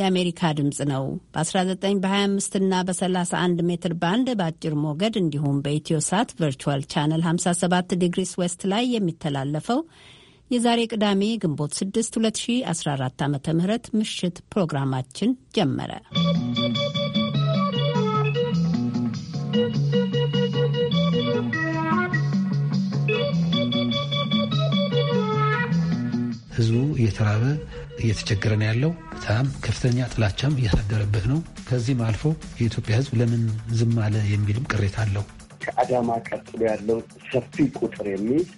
የአሜሪካ ድምፅ ነው። በ19 በ25 እና በ31 ሜትር ባንድ በአጭር ሞገድ እንዲሁም በኢትዮ ሳት ቨርቹዋል ቻነል 57 ዲግሪስ ዌስት ላይ የሚተላለፈው የዛሬ ቅዳሜ ግንቦት 6 2014 ዓ ም ምሽት ፕሮግራማችን ጀመረ። ህዝቡ እየተራበ እየተቸገረ ነው ያለው። በጣም ከፍተኛ ጥላቻም እያሳደረበት ነው። ከዚህም አልፎ የኢትዮጵያ ሕዝብ ለምን ዝም አለ የሚልም ቅሬታ አለው። ከአዳማ ቀጥሎ ያለው ሰፊ ቁጥር የሚይዝ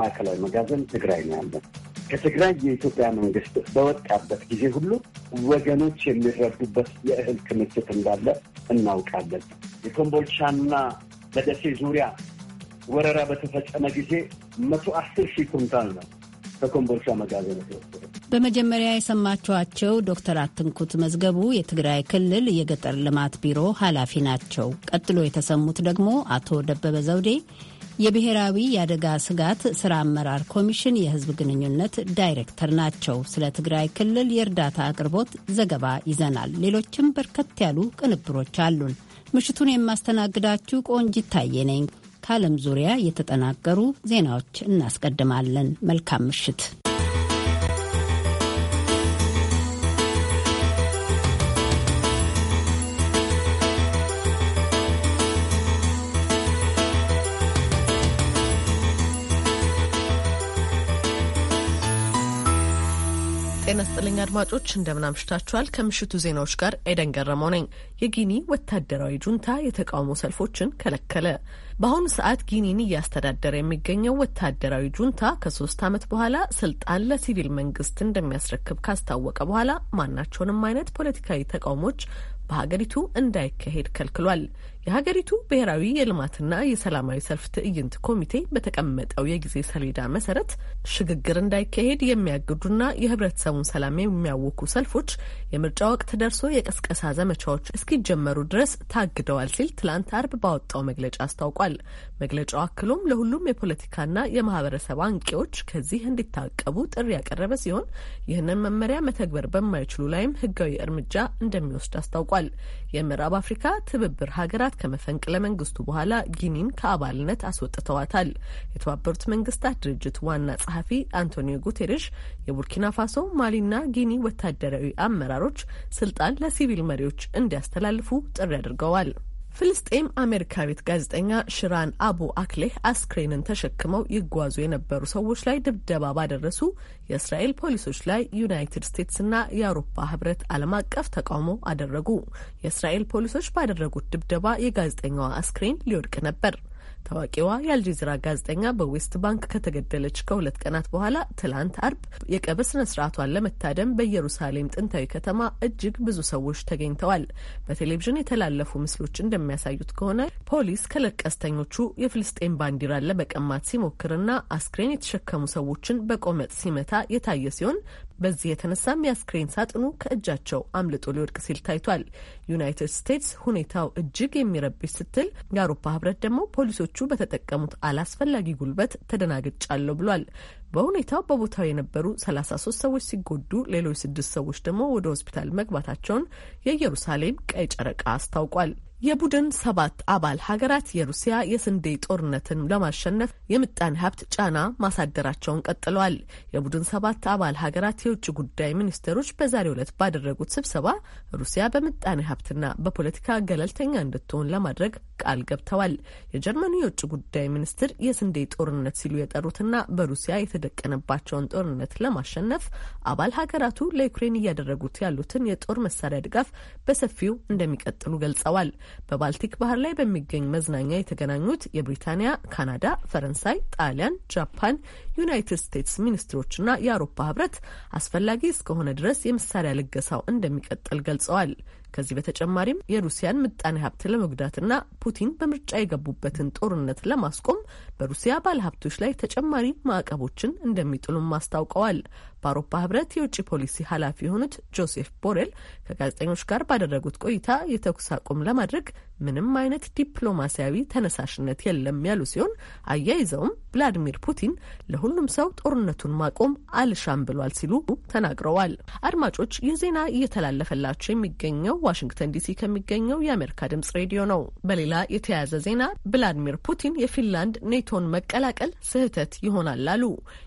ማዕከላዊ መጋዘን ትግራይ ነው ያለው። ከትግራይ የኢትዮጵያ መንግስት በወጣበት ጊዜ ሁሉ ወገኖች የሚረዱበት የእህል ክምችት እንዳለ እናውቃለን። የኮምቦልቻና በደሴ ዙሪያ ወረራ በተፈጸመ ጊዜ መቶ አስር ሺህ ኩንታል ነው ከኮምቦልቻ መጋዘን የተወሰደ። በመጀመሪያ የሰማችኋቸው ዶክተር አትንኩት መዝገቡ የትግራይ ክልል የገጠር ልማት ቢሮ ኃላፊ ናቸው። ቀጥሎ የተሰሙት ደግሞ አቶ ደበበ ዘውዴ የብሔራዊ የአደጋ ስጋት ስራ አመራር ኮሚሽን የሕዝብ ግንኙነት ዳይሬክተር ናቸው። ስለ ትግራይ ክልል የእርዳታ አቅርቦት ዘገባ ይዘናል። ሌሎችም በርከት ያሉ ቅንብሮች አሉን። ምሽቱን የማስተናግዳችሁ ቆንጂት ታየ ነኝ። ከዓለም ዙሪያ የተጠናቀሩ ዜናዎች እናስቀድማለን። መልካም ምሽት። ጤና ስጥልኝ አድማጮች እንደምን አምሽታችኋል። ከምሽቱ ዜናዎች ጋር ኤደን ገረመው ነኝ። የጊኒ ወታደራዊ ጁንታ የተቃውሞ ሰልፎችን ከለከለ። በአሁኑ ሰዓት ጊኒን እያስተዳደረ የሚገኘው ወታደራዊ ጁንታ ከሶስት ዓመት በኋላ ስልጣን ለሲቪል መንግስት እንደሚያስረክብ ካስታወቀ በኋላ ማናቸውንም አይነት ፖለቲካዊ ተቃውሞች በሀገሪቱ እንዳይካሄድ ከልክሏል። የሀገሪቱ ብሔራዊ የልማትና የሰላማዊ ሰልፍ ትዕይንት ኮሚቴ በተቀመጠው የጊዜ ሰሌዳ መሰረት ሽግግር እንዳይካሄድ የሚያግዱና የህብረተሰቡን ሰላም የሚያውኩ ሰልፎች የምርጫ ወቅት ደርሶ የቀስቀሳ ዘመቻዎች እስኪጀመሩ ድረስ ታግደዋል ሲል ትላንት አርብ ባወጣው መግለጫ አስታውቋል። መግለጫው አክሎም ለሁሉም የፖለቲካና የማህበረሰብ አንቂዎች ከዚህ እንዲታቀቡ ጥሪ ያቀረበ ሲሆን ይህንን መመሪያ መተግበር በማይችሉ ላይም ህጋዊ እርምጃ እንደሚወስድ አስታውቋል። የምዕራብ አፍሪካ ትብብር ሀገራት መንግስታት ከመፈንቅለ መንግስቱ በኋላ ጊኒን ከአባልነት አስወጥተዋታል። የተባበሩት መንግስታት ድርጅት ዋና ጸሐፊ አንቶኒዮ ጉቴሬሽ የቡርኪና ፋሶ፣ ማሊና ጊኒ ወታደራዊ አመራሮች ስልጣን ለሲቪል መሪዎች እንዲያስተላልፉ ጥሪ አድርገዋል። ፍልስጤም አሜሪካዊት ጋዜጠኛ ሽራን አቡ አክሌህ አስክሬንን ተሸክመው ይጓዙ የነበሩ ሰዎች ላይ ድብደባ ባደረሱ የእስራኤል ፖሊሶች ላይ ዩናይትድ ስቴትስና የአውሮፓ ህብረት ዓለም አቀፍ ተቃውሞ አደረጉ። የእስራኤል ፖሊሶች ባደረጉት ድብደባ የጋዜጠኛዋ አስክሬን ሊወድቅ ነበር። ታዋቂዋ የአልጀዚራ ጋዜጠኛ በዌስት ባንክ ከተገደለች ከሁለት ቀናት በኋላ ትላንት አርብ የቀብር ስነ ስርዓቷን ለመታደም በኢየሩሳሌም ጥንታዊ ከተማ እጅግ ብዙ ሰዎች ተገኝተዋል። በቴሌቪዥን የተላለፉ ምስሎች እንደሚያሳዩት ከሆነ ፖሊስ ከለቀስተኞቹ የፍልስጤን ባንዲራን ለመቀማት ሲሞክርና አስክሬን የተሸከሙ ሰዎችን በቆመጥ ሲመታ የታየ ሲሆን በዚህ የተነሳም የአስክሬን ሳጥኑ ከእጃቸው አምልጦ ሊወድቅ ሲል ታይቷል። ዩናይትድ ስቴትስ ሁኔታው እጅግ የሚረብሽ ስትል የአውሮፓ ህብረት ደግሞ ፖሊሶች ታጣቂዎቹ በተጠቀሙት አላስፈላጊ ጉልበት ተደናግጫለሁ ብሏል። በሁኔታው በቦታው የነበሩ 33 ሰዎች ሲጎዱ ሌሎች ስድስት ሰዎች ደግሞ ወደ ሆስፒታል መግባታቸውን የኢየሩሳሌም ቀይ ጨረቃ አስታውቋል። የቡድን ሰባት አባል ሀገራት የሩሲያ የስንዴ ጦርነትን ለማሸነፍ የምጣኔ ሀብት ጫና ማሳደራቸውን ቀጥለዋል። የቡድን ሰባት አባል ሀገራት የውጭ ጉዳይ ሚኒስቴሮች በዛሬው ዕለት ባደረጉት ስብሰባ ሩሲያ በምጣኔ ሀብትና በፖለቲካ ገለልተኛ እንድትሆን ለማድረግ ቃል ገብተዋል። የጀርመኑ የውጭ ጉዳይ ሚኒስትር የስንዴ ጦርነት ሲሉ የጠሩትና በሩሲያ የተደቀነባቸውን ጦርነት ለማሸነፍ አባል ሀገራቱ ለዩክሬን እያደረጉት ያሉትን የጦር መሳሪያ ድጋፍ በሰፊው እንደሚቀጥሉ ገልጸዋል። በባልቲክ ባህር ላይ በሚገኝ መዝናኛ የተገናኙት የብሪታንያ፣ ካናዳ፣ ፈረንሳይ፣ ጣሊያን፣ ጃፓን፣ ዩናይትድ ስቴትስ ሚኒስትሮችና የአውሮፓ ህብረት አስፈላጊ እስከሆነ ድረስ የመሳሪያ ልገሳው እንደሚቀጥል ገልጸዋል። ከዚህ በተጨማሪም የሩሲያን ምጣኔ ሀብት ለመጉዳትና ፑቲን በምርጫ የገቡበትን ጦርነት ለማስቆም በሩሲያ ባለሀብቶች ላይ ተጨማሪ ማዕቀቦችን እንደሚጥሉም አስታውቀዋል። በአውሮፓ ህብረት የውጭ ፖሊሲ ኃላፊ የሆኑት ጆሴፍ ቦሬል ከጋዜጠኞች ጋር ባደረጉት ቆይታ የተኩስ አቁም ለማድረግ ምንም አይነት ዲፕሎማሲያዊ ተነሳሽነት የለም ያሉ ሲሆን አያይዘውም ቭላዲሚር ፑቲን ለሁሉም ሰው ጦርነቱን ማቆም አልሻም ብሏል ሲሉ ተናግረዋል። አድማጮች ይህ ዜና እየተላለፈላቸው የሚገኘው ዋሽንግተን ዲሲ ከሚገኘው የአሜሪካ ድምጽ ሬዲዮ ነው። በሌላ የተያያዘ ዜና ቭላዲሚር ፑቲን የፊንላንድ ኔቶን መቀላቀል ስህተት ይሆናል አሉ።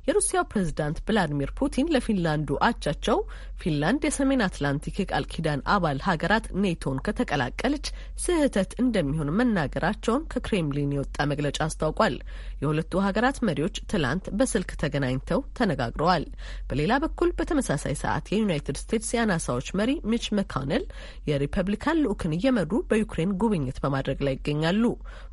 የሩሲያው ፕሬዝዳንት ቭላዲሚር ፑቲን ለፊንላንዱ አቻቸው ፊንላንድ የሰሜን አትላንቲክ የቃል ኪዳን አባል ሀገራት ኔቶን ከተቀላቀለች ስህተት እንደሚሆን መናገራቸውን ከክሬምሊን የወጣ መግለጫ አስታውቋል። የሁለቱ ሀገራት መሪዎች ትላንት በስልክ ተገናኝተው ተነጋግረዋል። በሌላ በኩል በተመሳሳይ ሰዓት የዩናይትድ ስቴትስ የአናሳዎች መሪ ሚች መካነል የሪፐብሊካን ልዑክን እየመሩ በዩክሬን ጉብኝት በማድረግ ላይ ይገኛሉ።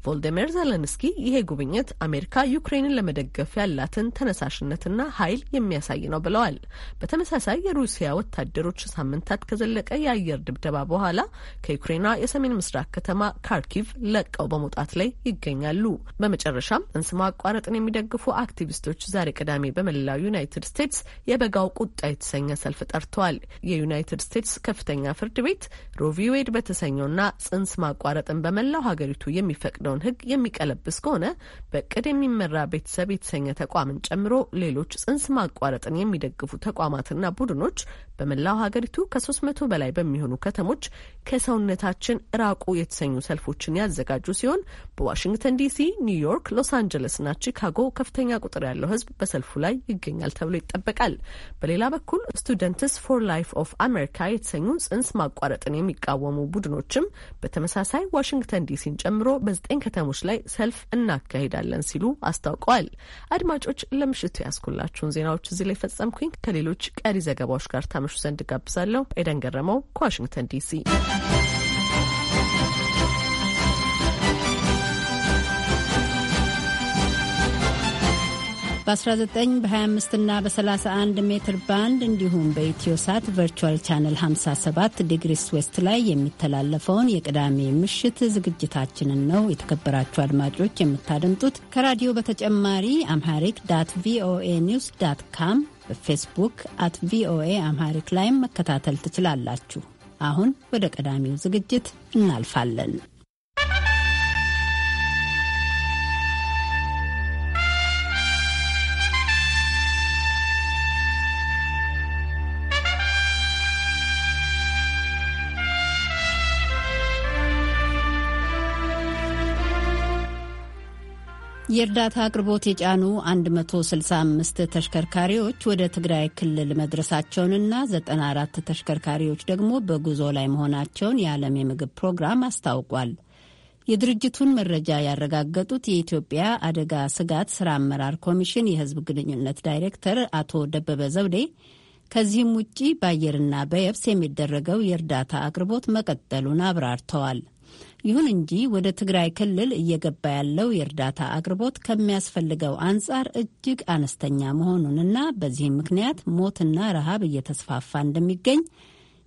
ቮልዲሚር ዘለንስኪ ይሄ ጉብኝት አሜሪካ ዩክሬንን ለመደገፍ ያላትን ተነሳሽነትና ኃይል የሚያሳይ ነው ብለዋል። በተመሳሳይ የሩሲያ ወታደሮች ሳምንታት ከዘለቀ የአየር ድብደባ በኋላ ከዩክሬኗ የሰሜን ምስራቅ ከተማ ካርኪቭ ለቀው በመውጣት ላይ ይገኛሉ። በመጨረሻም እንስማ ማቋረጥን የሚደግፉ አክቲቪስቶች ዛሬ ቅዳሜ በመላው ዩናይትድ ስቴትስ የበጋው ቁጣ የተሰኘ ሰልፍ ጠርተዋል። የዩናይትድ ስቴትስ ከፍተኛ ፍርድ ቤት ሮቪዌድ በተሰኘውና ጽንስ ማቋረጥን በመላው ሀገሪቱ የሚፈቅደውን ሕግ የሚቀለብስ ከሆነ በቅድ የሚመራ ቤተሰብ የተሰኘ ተቋምን ጨምሮ ሌሎች ጽንስ ማቋረጥን የሚደግፉ ተቋማትና ቡድኖች በመላው ሀገሪቱ ከ300 በላይ በሚሆኑ ከተሞች ከሰውነታችን ራቁ የተሰኙ ሰልፎችን ያዘጋጁ ሲሆን በዋሽንግተን ዲሲ፣ ኒውዮርክ፣ ሎስ ና ቺካጎ ከፍተኛ ቁጥር ያለው ህዝብ በሰልፉ ላይ ይገኛል ተብሎ ይጠበቃል። በሌላ በኩል ስቱደንትስ ፎር ላይፍ ኦፍ አሜሪካ የተሰኙ ጽንስ ማቋረጥን የሚቃወሙ ቡድኖችም በተመሳሳይ ዋሽንግተን ዲሲን ጨምሮ በዘጠኝ ከተሞች ላይ ሰልፍ እናካሄዳለን ሲሉ አስታውቀዋል። አድማጮች ለምሽቱ ያስኩላችሁን ዜናዎች እዚህ ላይ ፈጸምኩኝ። ከሌሎች ቀሪ ዘገባዎች ጋር ታመ ታዳምጡ ዘንድ ጋብዛለሁ። ኤደን ገረመው ከዋሽንግተን ዲሲ በ19 በ25 እና በ31 ሜትር ባንድ እንዲሁም በኢትዮ ሳት ቨርቹዋል ቻነል 57 ዲግሪስ ዌስት ላይ የሚተላለፈውን የቅዳሜ ምሽት ዝግጅታችንን ነው የተከበራችሁ አድማጮች የምታደምጡት። ከራዲዮ በተጨማሪ አምሃሪክ ዳት ቪኦኤ ኒውስ ዳት ካም በፌስቡክ አት ቪኦኤ አምሃሪክ ላይም መከታተል ትችላላችሁ። አሁን ወደ ቀዳሚው ዝግጅት እናልፋለን። የእርዳታ አቅርቦት የጫኑ 165 ተሽከርካሪዎች ወደ ትግራይ ክልል መድረሳቸውንና 94 ተሽከርካሪዎች ደግሞ በጉዞ ላይ መሆናቸውን የዓለም የምግብ ፕሮግራም አስታውቋል። የድርጅቱን መረጃ ያረጋገጡት የኢትዮጵያ አደጋ ስጋት ስራ አመራር ኮሚሽን የሕዝብ ግንኙነት ዳይሬክተር አቶ ደበበ ዘውዴ ከዚህም ውጪ በአየርና በየብስ የሚደረገው የእርዳታ አቅርቦት መቀጠሉን አብራርተዋል። ይሁን እንጂ ወደ ትግራይ ክልል እየገባ ያለው የእርዳታ አቅርቦት ከሚያስፈልገው አንጻር እጅግ አነስተኛ መሆኑንና በዚህም ምክንያት ሞትና ረሃብ እየተስፋፋ እንደሚገኝ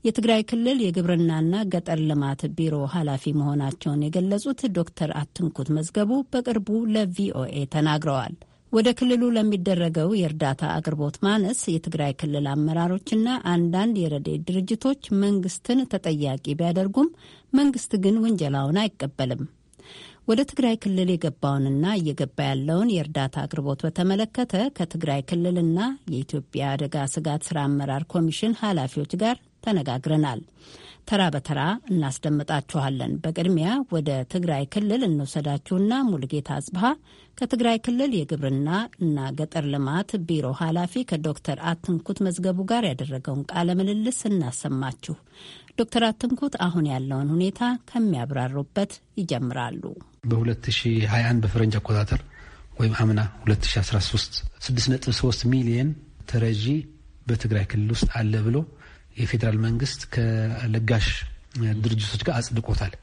የትግራይ ክልል የግብርናና ገጠር ልማት ቢሮ ኃላፊ መሆናቸውን የገለጹት ዶክተር አትንኩት መዝገቡ በቅርቡ ለቪኦኤ ተናግረዋል። ወደ ክልሉ ለሚደረገው የእርዳታ አቅርቦት ማነስ የትግራይ ክልል አመራሮችና አንዳንድ የረድኤት ድርጅቶች መንግስትን ተጠያቂ ቢያደርጉም መንግስት ግን ውንጀላውን አይቀበልም። ወደ ትግራይ ክልል የገባውንና እየገባ ያለውን የእርዳታ አቅርቦት በተመለከተ ከትግራይ ክልልና የኢትዮጵያ አደጋ ስጋት ስራ አመራር ኮሚሽን ኃላፊዎች ጋር ተነጋግረናል። ተራ በተራ እናስደምጣችኋለን። በቅድሚያ ወደ ትግራይ ክልል እንውሰዳችሁና ሙልጌታ አጽብሃ ከትግራይ ክልል የግብርና እና ገጠር ልማት ቢሮ ኃላፊ ከዶክተር አትንኩት መዝገቡ ጋር ያደረገውን ቃለ ምልልስ እናሰማችሁ። ዶክተር አትንኩት አሁን ያለውን ሁኔታ ከሚያብራሩበት ይጀምራሉ። በ2021 በፈረንጅ አቆጣጠር ወይም አምና 2013 6.3 ሚሊየን ተረጂ በትግራይ ክልል ውስጥ አለ ብሎ የፌዴራል መንግስት ከለጋሽ ድርጅቶች ጋር አጽድቆታል።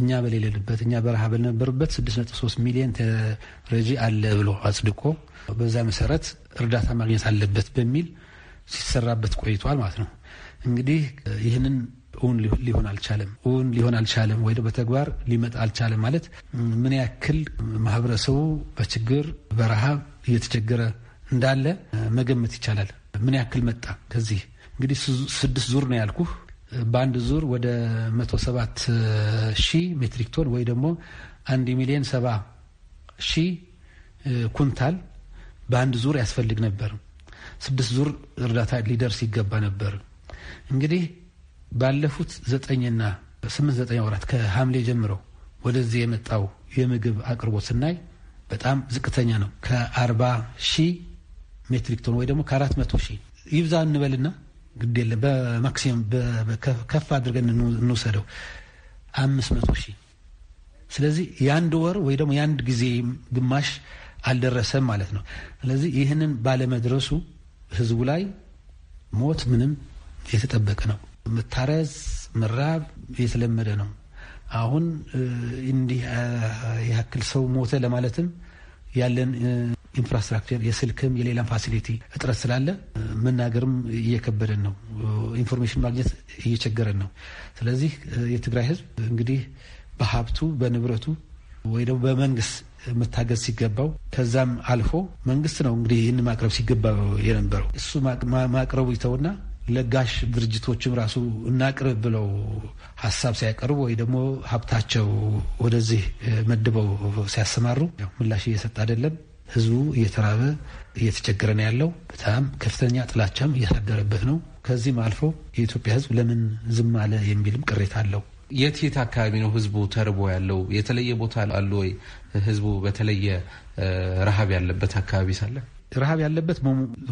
እኛ በሌለንበት እኛ በረሃ በነበርበት 6.3 ሚሊዮን ተረጂ አለ ብሎ አጽድቆ በዛ መሰረት እርዳታ ማግኘት አለበት በሚል ሲሰራበት ቆይቷል ማለት ነው። እንግዲህ ይህንን እውን ሊሆን አልቻለም፣ እውን ሊሆን አልቻለም ወይ በተግባር ሊመጣ አልቻለም ማለት ምን ያክል ማህበረሰቡ በችግር በረሃብ እየተቸገረ እንዳለ መገመት ይቻላል። ምን ያክል መጣ ከዚህ እንግዲህ ስድስት ዙር ነው ያልኩ። በአንድ ዙር ወደ ሰባት ሺህ ሜትሪክ ቶን ወይ ደግሞ አንድ ሚሊዮን ሰባ ሺህ ኩንታል በአንድ ዙር ያስፈልግ ነበር። ስድስት ዙር እርዳታ ሊደርስ ይገባ ነበር። እንግዲህ ባለፉት ዘጠኝና ስምንት ዘጠኝ ወራት ከሐምሌ ጀምሮ ወደዚህ የመጣው የምግብ አቅርቦት ስናይ በጣም ዝቅተኛ ነው። ከአርባ ሺህ ሜትሪክ ቶን ወይ ደግሞ ከአራት መቶ ሺህ ይብዛ እንበልና ግድ የለም በማክሲም ከፍ አድርገን እንውሰደው አምስት መቶ ሺህ ስለዚህ የአንድ ወር ወይ ደግሞ የአንድ ጊዜ ግማሽ አልደረሰም ማለት ነው። ስለዚህ ይህንን ባለመድረሱ ህዝቡ ላይ ሞት ምንም የተጠበቀ ነው። መታረዝ፣ መራብ የተለመደ ነው። አሁን እንዲህ ያክል ሰው ሞተ ለማለትም ያለን ኢንፍራስትራክቸር የስልክም የሌላም ፋሲሊቲ እጥረት ስላለ መናገርም እየከበደን ነው። ኢንፎርሜሽን ማግኘት እየቸገረን ነው። ስለዚህ የትግራይ ህዝብ እንግዲህ በሀብቱ በንብረቱ ወይ ደግሞ በመንግስት መታገዝ ሲገባው ከዛም አልፎ መንግስት ነው እንግዲህ ይህን ማቅረብ ሲገባ የነበረው እሱ ማቅረቡ ይተውና ለጋሽ ድርጅቶችም ራሱ እናቅርብ ብለው ሀሳብ ሲያቀርቡ ወይ ደግሞ ሀብታቸው ወደዚህ መድበው ሲያሰማሩ ምላሽ እየሰጠ አይደለም። ህዝቡ እየተራበ እየተቸገረ ነው ያለው። በጣም ከፍተኛ ጥላቻም እያሳደረበት ነው። ከዚህም አልፎ የኢትዮጵያ ህዝብ ለምን ዝም አለ የሚልም ቅሬታ አለው። የት የት አካባቢ ነው ህዝቡ ተርቦ ያለው? የተለየ ቦታ አሉ ወይ? ህዝቡ በተለየ ረሃብ ያለበት አካባቢ ሳለ ረሃብ ያለበት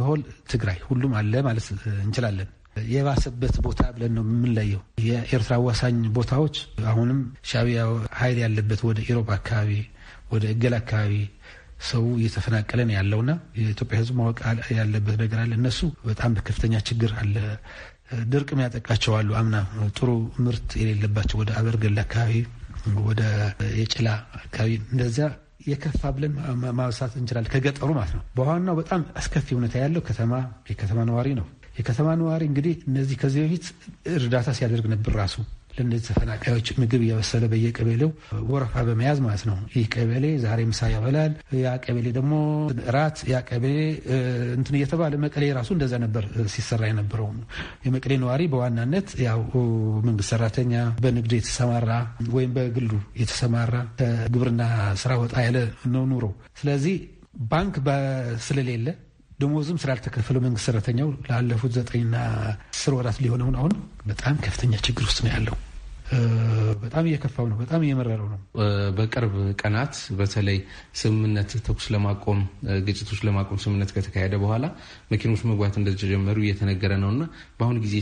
ሆል ትግራይ ሁሉም አለ ማለት እንችላለን። የባሰበት ቦታ ብለን ነው የምንለየው። የኤርትራ አዋሳኝ ቦታዎች አሁንም ሻቢያ ኃይል ያለበት ወደ ኢሮብ አካባቢ፣ ወደ እገል አካባቢ ሰው እየተፈናቀለ ነው ያለውና የኢትዮጵያ ሕዝብ ማወቅ ያለበት ነገር አለ። እነሱ በጣም በከፍተኛ ችግር አለ። ድርቅ ያጠቃቸው አሉ። አምና ጥሩ ምርት የሌለባቸው ወደ አበርገላ አካባቢ፣ ወደ የጭላ አካባቢ እንደዚያ የከፋ ብለን ማብሳት እንችላለን። ከገጠሩ ማለት ነው። በዋናው በጣም አስከፊ ሁኔታ ያለው ከተማ የከተማ ነዋሪ ነው። የከተማ ነዋሪ እንግዲህ እነዚህ ከዚህ በፊት እርዳታ ሲያደርግ ነበር ራሱ ለእነዚህ ተፈናቃዮች ምግብ እየበሰለ በየቀበሌው ወረፋ በመያዝ ማለት ነው። ይህ ቀበሌ ዛሬ ምሳ ያበላል፣ ያ ቀበሌ ደግሞ ራት፣ ያ ቀበሌ እንትን እየተባለ መቀሌ ራሱ እንደዛ ነበር ሲሰራ የነበረው። የመቀሌ ነዋሪ በዋናነት ያው መንግስት ሰራተኛ፣ በንግድ የተሰማራ ወይም በግሉ የተሰማራ ግብርና ስራ ወጣ ያለ ነው ኑሮ። ስለዚህ ባንክ ስለሌለ ደሞዝም ስላልተከፈለው መንግስት ሰራተኛው ላለፉት ዘጠኝና አስር ወራት ሊሆነውን አሁን በጣም ከፍተኛ ችግር ውስጥ ነው ያለው። በጣም እየከፋው ነው። በጣም እየመረረው ነው። በቅርብ ቀናት በተለይ ስምምነት ተኩስ ለማቆም ግጭቶች ለማቆም ስምምነት ከተካሄደ በኋላ መኪኖች መግባት እንደተጀመሩ እየተነገረ ነው እና በአሁኑ ጊዜ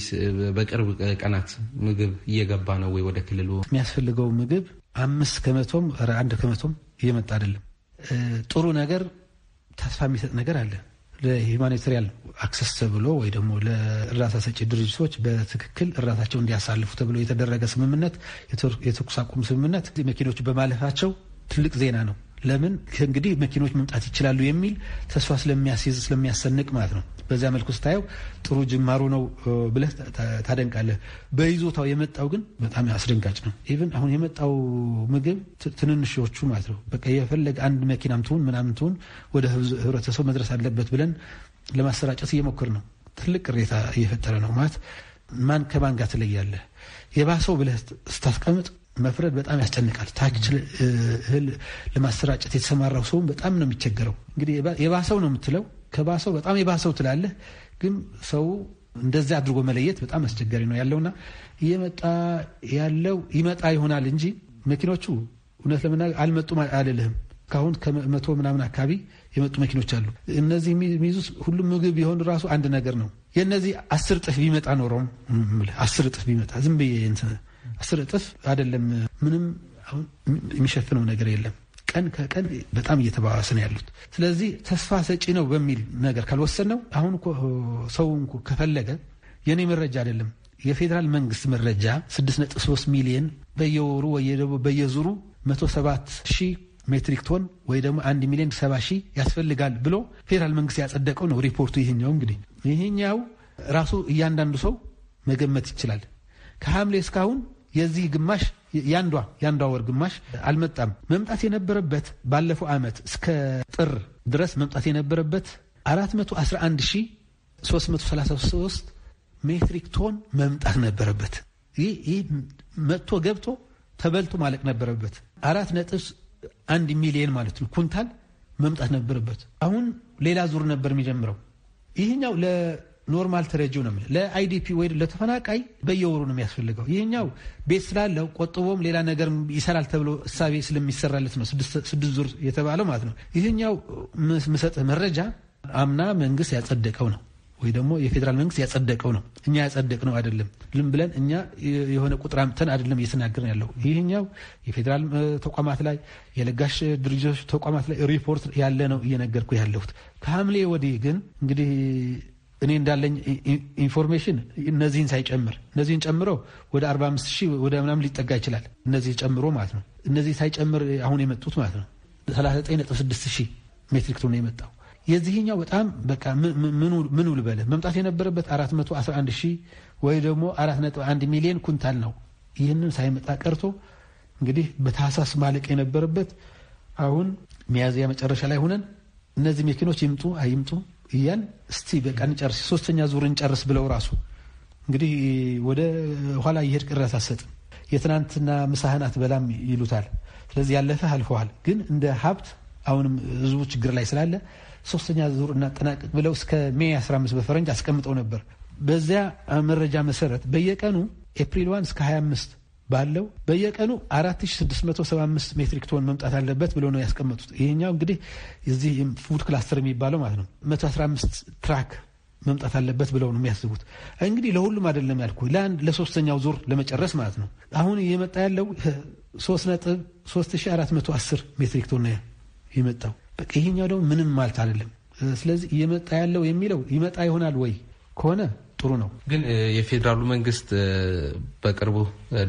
በቅርብ ቀናት ምግብ እየገባ ነው ወይ ወደ ክልሉ? የሚያስፈልገው ምግብ አምስት ከመቶም አንድ ከመቶም እየመጣ አይደለም። ጥሩ ነገር ተስፋ የሚሰጥ ነገር አለ ለሂማኒታሪያን አክሰስ ተብሎ ወይ ደግሞ ለእርዳታ ሰጪ ድርጅቶች በትክክል እርዳታቸው እንዲያሳልፉ ተብሎ የተደረገ ስምምነት፣ የተኩስ አቁም ስምምነት መኪኖቹ በማለፋቸው ትልቅ ዜና ነው። ለምን ከእንግዲህ መኪኖች መምጣት ይችላሉ የሚል ተስፋ ስለሚያስይዝ ስለሚያሰንቅ ማለት ነው። በዚያ መልኩ ስታየው ጥሩ ጅማሮ ነው ብለህ ታደንቃለህ። በይዞታው የመጣው ግን በጣም አስደንጋጭ ነው። ኢቨን አሁን የመጣው ምግብ ትንንሾቹ ማለት ነው። በቃ የፈለገ አንድ መኪናም ትሁን ምናምን ትሁን ወደ ህብረተሰቡ መድረስ አለበት ብለን ለማሰራጨት እየሞክር ነው። ትልቅ ቅሬታ እየፈጠረ ነው ማለት ማን ከማን ጋር ትለያለህ? የባሰው ብለህ ስታስቀምጥ መፍረድ በጣም ያስጨንቃል። ታች እህል ለማሰራጨት የተሰማራው ሰውን በጣም ነው የሚቸገረው። እንግዲህ የባሰው ነው የምትለው፣ ከባሰው በጣም የባሰው ትላለህ። ግን ሰው እንደዚያ አድርጎ መለየት በጣም አስቸጋሪ ነው ያለውና እየመጣ ያለው ይመጣ ይሆናል እንጂ መኪኖቹ እውነት ለመናገር አልመጡም አልልህም። ካሁን ከመቶ ምናምን አካባቢ የመጡ መኪኖች አሉ። እነዚህ የሚይዙት ሁሉም ምግብ የሆኑ ራሱ አንድ ነገር ነው። የእነዚህ አስር እጥፍ ቢመጣ ኖረውም አስር እጥፍ ቢመጣ ዝም ብዬ አስር እጥፍ አይደለም ምንም አሁን የሚሸፍነው ነገር የለም። ቀን ከቀን በጣም እየተባባሰ ነው ያሉት። ስለዚህ ተስፋ ሰጪ ነው በሚል ነገር ካልወሰን ነው አሁን ሰው ከፈለገ የእኔ መረጃ አይደለም የፌዴራል መንግስት መረጃ 6.3 ሚሊየን በየወሩ በየዙሩ 107 ሺህ ሜትሪክ ቶን ወይ ደግሞ 1 ሚሊዮን 70 ሺህ ያስፈልጋል ብሎ ፌዴራል መንግስት ያጸደቀው ነው ሪፖርቱ። ይህኛው እንግዲህ ይህኛው ራሱ እያንዳንዱ ሰው መገመት ይችላል። ከሐምሌ እስካሁን የዚህ ግማሽ ያንዷ ያንዷ ወር ግማሽ አልመጣም። መምጣት የነበረበት ባለፈው ዓመት እስከ ጥር ድረስ መምጣት የነበረበት 411333 ሜትሪክ ቶን መምጣት ነበረበት። ይህ መጥቶ ገብቶ ተበልቶ ማለቅ ነበረበት። አራት ነጥብ አንድ ሚሊየን ማለት ነው ኩንታል መምጣት ነበረበት። አሁን ሌላ ዙር ነበር የሚጀምረው ይህኛው ኖርማል ተረጂው ነው ለአይዲፒ ወይ ለተፈናቃይ በየወሩ ነው የሚያስፈልገው። ይህኛው ቤት ስላለው ቆጥቦም ሌላ ነገር ይሰራል ተብሎ እሳቤ ስለሚሰራለት ነው ስድስት ዙር የተባለው ማለት ነው። ይህኛው ምሰጥ መረጃ አምና መንግስት ያጸደቀው ነው ወይ ደግሞ የፌዴራል መንግስት ያጸደቀው ነው። እኛ ያጸደቅ ነው አይደለም። ልም ብለን እኛ የሆነ ቁጥር አምጥተን አይደለም እየተናገርን ያለው። ይህኛው የፌዴራል ተቋማት ላይ የለጋሽ ድርጅቶች ተቋማት ላይ ሪፖርት ያለ ነው እየነገርኩ ያለሁት። ከሐምሌ ወዲህ ግን እንግዲህ እኔ እንዳለኝ ኢንፎርሜሽን እነዚህን ሳይጨምር እነዚህን ጨምሮ ወደ 45 ሺህ ወደ ምናምን ሊጠጋ ይችላል። እነዚህ ጨምሮ ማለት ነው። እነዚህ ሳይጨምር አሁን የመጡት ማለት ነው 39.6 ሺህ ሜትሪክ ቶን የመጣው የዚህኛው በጣም በቃ ምኑ ልበለ መምጣት የነበረበት 411 ሺህ ወይ ደግሞ 4.1 ሚሊዮን ኩንታል ነው። ይህንን ሳይመጣ ቀርቶ እንግዲህ በታህሳስ ማለቅ የነበረበት አሁን ሚያዝያ መጨረሻ ላይ ሆነን እነዚህ መኪኖች ይምጡ አይምጡ እያል እስቲ በቃ እንጨርስ፣ ሶስተኛ ዙር እንጨርስ ብለው ራሱ እንግዲህ ወደ ኋላ እየሄድ ቅረት አሰጥም የትናንትና ምሳህናት በላም ይሉታል። ስለዚህ ያለፈ አልፈዋል። ግን እንደ ሀብት አሁንም ህዝቡ ችግር ላይ ስላለ ሶስተኛ ዙር እናጠናቅቅ ብለው እስከ ሜ 15 በፈረንጅ አስቀምጠው ነበር። በዚያ መረጃ መሰረት በየቀኑ ኤፕሪል ዋን እስከ 25 ባለው በየቀኑ 4675 ሜትሪክ ቶን መምጣት አለበት ብሎ ነው ያስቀመጡት። ይሄኛው እንግዲህ የዚህ ፉድ ክላስተር የሚባለው ማለት ነው 115 ትራክ መምጣት አለበት ብለው ነው የሚያስቡት። እንግዲህ ለሁሉም አይደለም ያልኩ ለአንድ ለሶስተኛው ዙር ለመጨረስ ማለት ነው። አሁን እየመጣ ያለው 3410 ሜትሪክ ቶን ነው የመጣው። በቃ ይሄኛው ደግሞ ምንም ማለት አይደለም። ስለዚህ እየመጣ ያለው የሚለው ይመጣ ይሆናል ወይ ከሆነ ጥሩ ነው። ግን የፌዴራሉ መንግስት በቅርቡ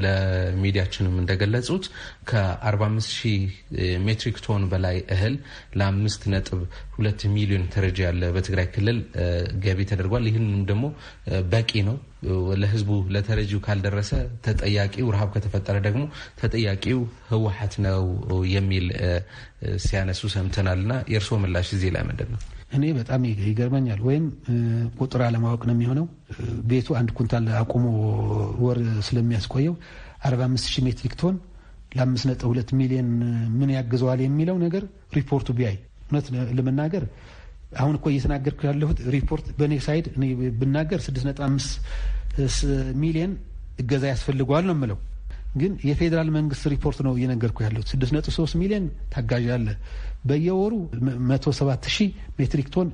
ለሚዲያችንም እንደገለጹት ከ45 ሺህ ሜትሪክ ቶን በላይ እህል ለአምስት ነጥብ ሁለት ሚሊዮን ተረጂ ያለ በትግራይ ክልል ገቢ ተደርጓል። ይህንም ደግሞ በቂ ነው። ለህዝቡ ለተረጂው ካልደረሰ ተጠያቂው ረሃብ ከተፈጠረ ደግሞ ተጠያቂው ህወሀት ነው የሚል ሲያነሱ ሰምተናልና የእርስዎ ምላሽ እዚህ ላይ ምንድን ነው? እኔ በጣም ይገርመኛል። ወይም ቁጥር አለማወቅ ነው የሚሆነው። ቤቱ አንድ ኩንታል አቁሞ ወር ስለሚያስቆየው 45 ሺህ ሜትሪክ ቶን ለ5.2 ሚሊዮን ምን ያግዘዋል የሚለው ነገር ሪፖርቱ ቢያይ እውነት ለመናገር አሁን እኮ እየተናገርኩ ያለሁት ሪፖርት በእኔ ሳይድ ብናገር 6.5 ሚሊዮን እገዛ ያስፈልገዋል ነው የምለው ግን የፌዴራል መንግስት ሪፖርት ነው እየነገርኩ ያለሁት። ስድስት ነጥብ ሶስት ሚሊዮን ታጋዥ አለ። በየወሩ መቶ ሰባት ሺህ ሜትሪክ ቶን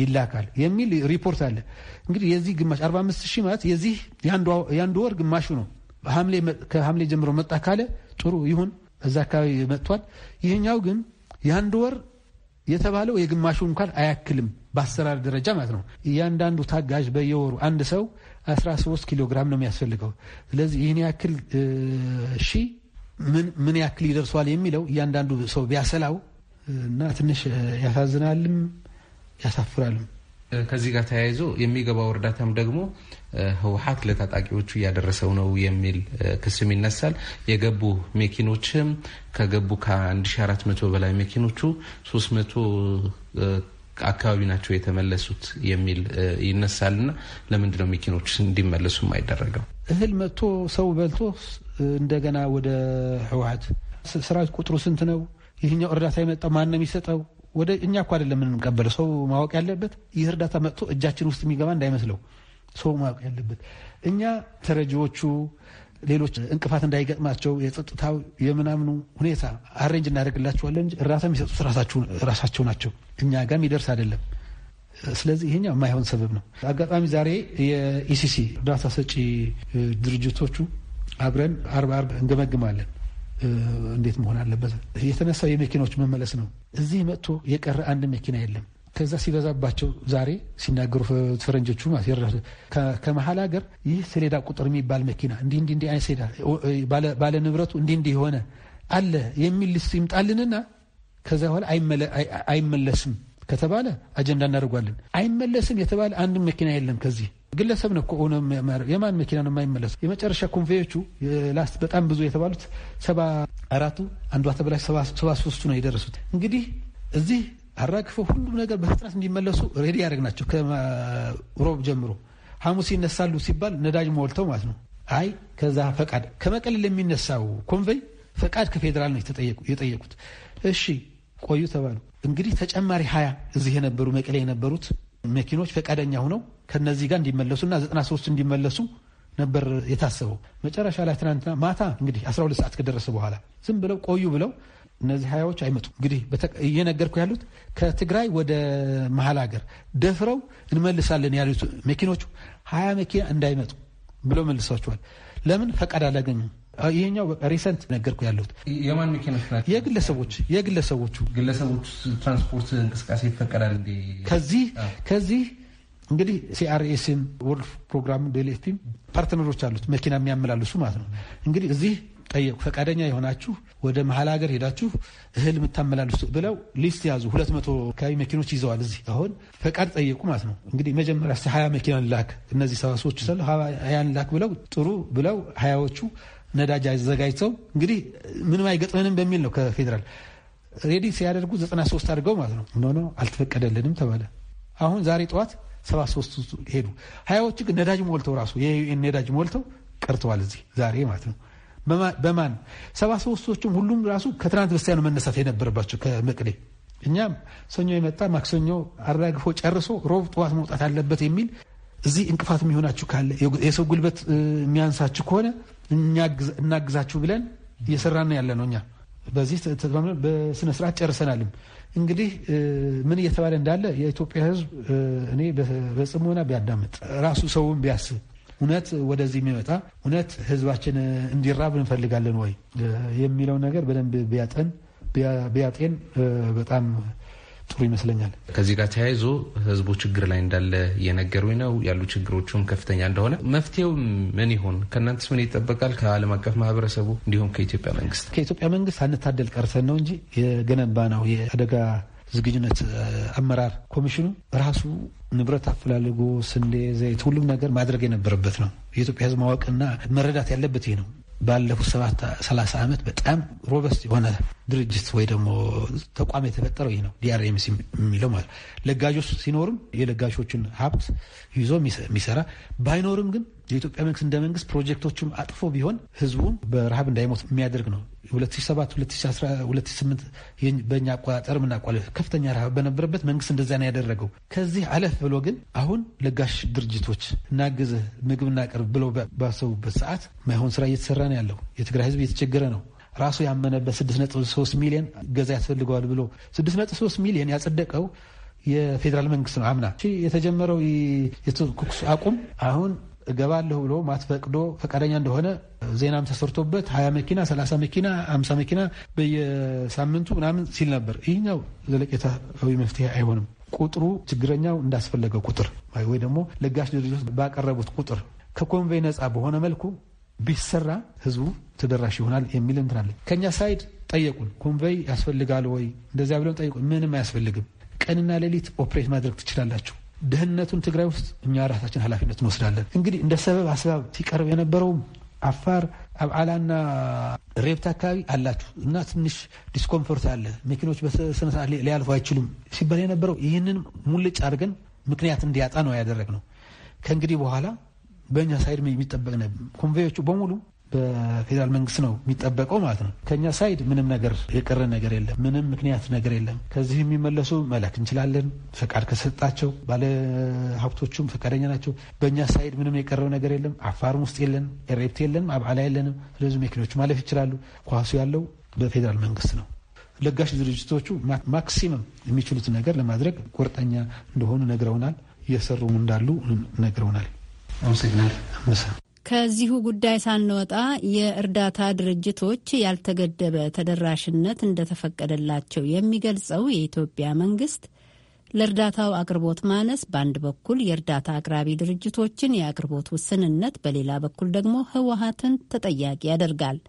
ይላካል የሚል ሪፖርት አለ። እንግዲህ የዚህ ግማሽ አርባ አምስት ሺህ ማለት የዚህ የአንድ ወር ግማሹ ነው። ከሐምሌ ጀምሮ መጣ ካለ ጥሩ ይሁን፣ እዛ አካባቢ መጥቷል። ይህኛው ግን የአንድ ወር የተባለው የግማሹ እንኳን አያክልም፣ በአሰራር ደረጃ ማለት ነው። እያንዳንዱ ታጋዥ በየወሩ አንድ ሰው 13 ኪሎ ግራም ነው የሚያስፈልገው። ስለዚህ ይህን ያክል እሺ ምን ያክል ይደርሷል የሚለው እያንዳንዱ ሰው ቢያሰላው እና ትንሽ ያሳዝናልም ያሳፍራልም። ከዚህ ጋር ተያይዞ የሚገባው እርዳታም ደግሞ ህወሀት ለታጣቂዎቹ እያደረሰው ነው የሚል ክስም ይነሳል። የገቡ መኪኖችም ከገቡ ከ1400 በላይ መኪኖቹ 300 አካባቢ ናቸው የተመለሱት የሚል ይነሳልና ለምንድነው መኪኖች እንዲመለሱ የማይደረገው? እህል መጥቶ ሰው በልቶ እንደገና ወደ ህወሀት ሰራዊት ቁጥሩ ስንት ነው? ይህኛው እርዳታ የመጣው ማን ነው የሚሰጠው? ወደ እኛ እኮ አይደለም የምንቀበለው። ሰው ማወቅ ያለበት ይህ እርዳታ መጥቶ እጃችን ውስጥ የሚገባ እንዳይመስለው ሰው ማወቅ ያለበት እኛ ተረጂዎቹ ሌሎች እንቅፋት እንዳይገጥማቸው የጸጥታው የምናምኑ ሁኔታ አሬንጅ እናደርግላቸዋለን እንጂ እርዳታ የሚሰጡት ራሳቸው ናቸው። እኛ ጋር የሚደርስ አይደለም። ስለዚህ ይሄኛው የማይሆን ሰበብ ነው። አጋጣሚ ዛሬ የኢሲሲ እርዳታ ሰጪ ድርጅቶቹ አብረን አርብ አርብ እንገመግማለን። እንዴት መሆን አለበት የተነሳው የመኪናዎች መመለስ ነው። እዚህ መጥቶ የቀረ አንድ መኪና የለም። ከዛ ሲበዛባቸው ዛሬ ሲናገሩ ፈረንጆቹ ከመሀል ሀገር ይህ ሰሌዳ ቁጥር የሚባል መኪና እንዲህ እንዲህ እንዲህ አይነት ሰሌዳ ባለ ንብረቱ እንዲህ እንዲህ የሆነ አለ የሚል ልስ ይምጣልንና ከዛ በኋላ አይመለስም ከተባለ አጀንዳ እናደርጓለን። አይመለስም የተባለ አንድም መኪና የለም። ከዚህ ግለሰብ ነው ከሆነ የማን መኪና ነው የማይመለሱ? የመጨረሻ ኮንቬዮቹ ላስት በጣም ብዙ የተባሉት ሰባ አራቱ አንዷ ተብላሽ ሰባ ሶስቱ ነው የደረሱት። እንግዲህ እዚህ አራግፈው ሁሉም ነገር በፍጥነት እንዲመለሱ ሬዲ ያደረግ ናቸው። ከሮብ ጀምሮ ሐሙስ ይነሳሉ ሲባል ነዳጅ ሞልተው ማለት ነው። አይ ከዛ ፈቃድ ከመቀሌ ለሚነሳው ኮንቬይ ፈቃድ ከፌዴራል ነው የጠየቁት። እሺ ቆዩ ተባሉ። እንግዲህ ተጨማሪ ሀያ እዚህ የነበሩ መቀሌ የነበሩት መኪኖች ፈቃደኛ ሆነው ከነዚህ ጋር እንዲመለሱና 93 እንዲመለሱ ነበር የታሰበው። መጨረሻ ላይ ትናንትና ማታ እንግዲህ 12 ሰዓት ከደረሰ በኋላ ዝም ብለው ቆዩ ብለው እነዚህ ሀያዎች አይመጡም። እንግዲህ እየነገርኩ ያሉት ከትግራይ ወደ መሀል ሀገር ደፍረው እንመልሳለን ያሉት መኪኖቹ ሀያ መኪና እንዳይመጡ ብሎ መልሷቸዋል። ለምን ፈቃድ አላገኙ? ይሄኛው ሪሰንት ነገርኩ ያለሁት የማን መኪኖች ናቸው? የግለሰቦች የግለሰቦቹ ግለሰቦች ትራንስፖርት እንቅስቃሴ ይፈቀዳል እንዴ? ከዚህ ከዚህ እንግዲህ ሲአርኤስም ወርልድ ፕሮግራም ዴሌፍቲም ፓርትነሮች አሉት መኪና የሚያመላልሱ ማለት ነው። እንግዲህ እዚህ ጠየቁ። ፈቃደኛ የሆናችሁ ወደ መሀል ሀገር ሄዳችሁ እህል የምታመላልሱ ብለው ሊስት ያዙ። ሁለት መቶ አካባቢ መኪኖች ይዘዋል። እዚህ አሁን ፈቃድ ጠየቁ ማለት ነው። እንግዲህ መጀመሪያ ሀያ መኪናን ላክ እነዚህ ሰዋሶቹ ስለ ሀያን ላክ ብለው ጥሩ ብለው ሀያዎቹ ነዳጅ አዘጋጅተው እንግዲህ ምንም አይገጥመንም በሚል ነው ከፌዴራል ሬዲ ሲያደርጉ 93 አድርገው ማለት ነው። ኖ ኖ አልተፈቀደልንም ተባለ። አሁን ዛሬ ጠዋት 73 ሄዱ። ሀያዎቹ ግን ነዳጅ ሞልተው ራሱ የዩኤን ነዳጅ ሞልተው ቀርተዋል እዚህ ዛሬ ማለት ነው። በማን ሰባ ሶስቶቹም ሁሉም ራሱ ከትናንት በስቲያ ነው መነሳት የነበረባቸው ከመቅሌ። እኛም ሰኞ የመጣ ማክሰኞ አራግፎ ጨርሶ ሮብ ጠዋት መውጣት አለበት የሚል እዚህ እንቅፋት የሚሆናችሁ ካለ የሰው ጉልበት የሚያንሳችሁ ከሆነ እናግዛችሁ ብለን እየሰራን ያለ ነው። እኛ በዚህ በስነ ስርዓት ጨርሰናልም። እንግዲህ ምን እየተባለ እንዳለ የኢትዮጵያ ሕዝብ እኔ በጽሞና ቢያዳምጥ ራሱ ሰውን ቢያስብ እውነት ወደዚህ የሚመጣ እውነት ህዝባችን እንዲራብ እንፈልጋለን ወይ የሚለው ነገር በደንብ ቢያጠን ቢያጤን በጣም ጥሩ ይመስለኛል። ከዚህ ጋር ተያይዞ ህዝቡ ችግር ላይ እንዳለ እየነገሩኝ ነው። ያሉ ችግሮቹም ከፍተኛ እንደሆነ መፍትሄው ምን ይሆን? ከእናንተስ ምን ይጠበቃል? ከዓለም አቀፍ ማህበረሰቡ እንዲሁም ከኢትዮጵያ መንግስት ከኢትዮጵያ መንግስት አንታደል ቀርሰን ነው እንጂ የገነባ ነው የአደጋ ዝግጁነት አመራር ኮሚሽኑ ራሱ ንብረት አፈላልጎ ስንዴ፣ ዘይት፣ ሁሉም ነገር ማድረግ የነበረበት ነው። የኢትዮጵያ ሕዝብ ማወቅና መረዳት ያለበት ይህ ነው። ባለፉት ሰባት ሰላሳ ዓመት በጣም ሮበስት የሆነ ድርጅት ወይ ደግሞ ተቋም የተፈጠረው ይህ ነው። ዲአርኤምሲ የሚለው ማለት ለጋሾች ሲኖርም የለጋሾችን ሀብት ይዞ የሚሰራ ባይኖርም ግን የኢትዮጵያ መንግስት እንደ መንግስት ፕሮጀክቶቹም አጥፎ ቢሆን ህዝቡም በረሃብ እንዳይሞት የሚያደርግ ነው። 2007 2008 በእኛ አቆጣጠር ምናቋለ ከፍተኛ ረሃብ በነበረበት መንግስት እንደዛ ነው ያደረገው። ከዚህ አለፍ ብሎ ግን አሁን ለጋሽ ድርጅቶች እናግዝህ ምግብ እናቅርብ ብለው ባሰቡበት ሰዓት ማይሆን ስራ እየተሰራ ነው ያለው። የትግራይ ህዝብ እየተቸገረ ነው። ራሱ ያመነበት 6.3 ሚሊዮን ገዛ ያስፈልገዋል ብሎ 6.3 ሚሊዮን ያጸደቀው የፌዴራል መንግስት ነው። አምና የተጀመረው የተኩስ አቁም አሁን እገባለሁ ብሎ ማትፈቅዶ ፈቃደኛ እንደሆነ ዜናም ተሰርቶበት ሀያ መኪና ሰላሳ መኪና አምሳ መኪና በየሳምንቱ ምናምን ሲል ነበር። ይህኛው ዘለቄታዊ መፍትሄ አይሆንም። ቁጥሩ ችግረኛው እንዳስፈለገ ቁጥር ወይ ደግሞ ለጋሽ ድርጅቶች ባቀረቡት ቁጥር ከኮንቬይ ነፃ በሆነ መልኩ ቢሰራ ህዝቡ ተደራሽ ይሆናል የሚል እንትናለን። ከእኛ ሳይድ ጠየቁን። ኮንቬይ ያስፈልጋል ወይ እንደዚያ ብለን ጠየቁን። ምንም አያስፈልግም። ቀንና ሌሊት ኦፕሬት ማድረግ ትችላላችሁ። ደህንነቱን ትግራይ ውስጥ እኛ ራሳችን ኃላፊነት እንወስዳለን። እንግዲህ እንደ ሰበብ አስባብ ሲቀርብ የነበረውም አፋር አብዓላና ሬብታ አካባቢ አላችሁ እና ትንሽ ዲስኮምፎርት አለ፣ መኪኖች በስነስርዓት ሊያልፉ አይችሉም ሲባል የነበረው ይህንን ሙልጭ አድርገን ምክንያት እንዲያጣ ነው ያደረግነው። ከእንግዲህ በኋላ በእኛ ሳይድ የሚጠበቅ ኮንቬዮቹ በሙሉ በፌዴራል መንግስት ነው የሚጠበቀው ማለት ነው። ከኛ ሳይድ ምንም ነገር የቀረ ነገር የለም። ምንም ምክንያት ነገር የለም። ከዚህ የሚመለሱ መላክ እንችላለን። ፈቃድ ከሰጣቸው ባለ ሀብቶቹም ፈቃደኛ ናቸው። በእኛ ሳይድ ምንም የቀረው ነገር የለም። አፋርም ውስጥ የለን፣ ኤሬፕት የለንም፣ አብዓላ የለንም። ስለዚህ መኪኖች ማለፍ ይችላሉ። ኳሱ ያለው በፌዴራል መንግስት ነው። ለጋሽ ድርጅቶቹ ማክሲመም የሚችሉትን ነገር ለማድረግ ቁርጠኛ እንደሆኑ ነግረውናል። እየሰሩም እንዳሉ ነግረውናል። አመሰግናል። ከዚሁ ጉዳይ ሳንወጣ የእርዳታ ድርጅቶች ያልተገደበ ተደራሽነት እንደተፈቀደላቸው የሚገልጸው የኢትዮጵያ መንግስት ለእርዳታው አቅርቦት ማነስ በአንድ በኩል የእርዳታ አቅራቢ ድርጅቶችን የአቅርቦት ውስንነት፣ በሌላ በኩል ደግሞ ህወሀትን ተጠያቂ ያደርጋል።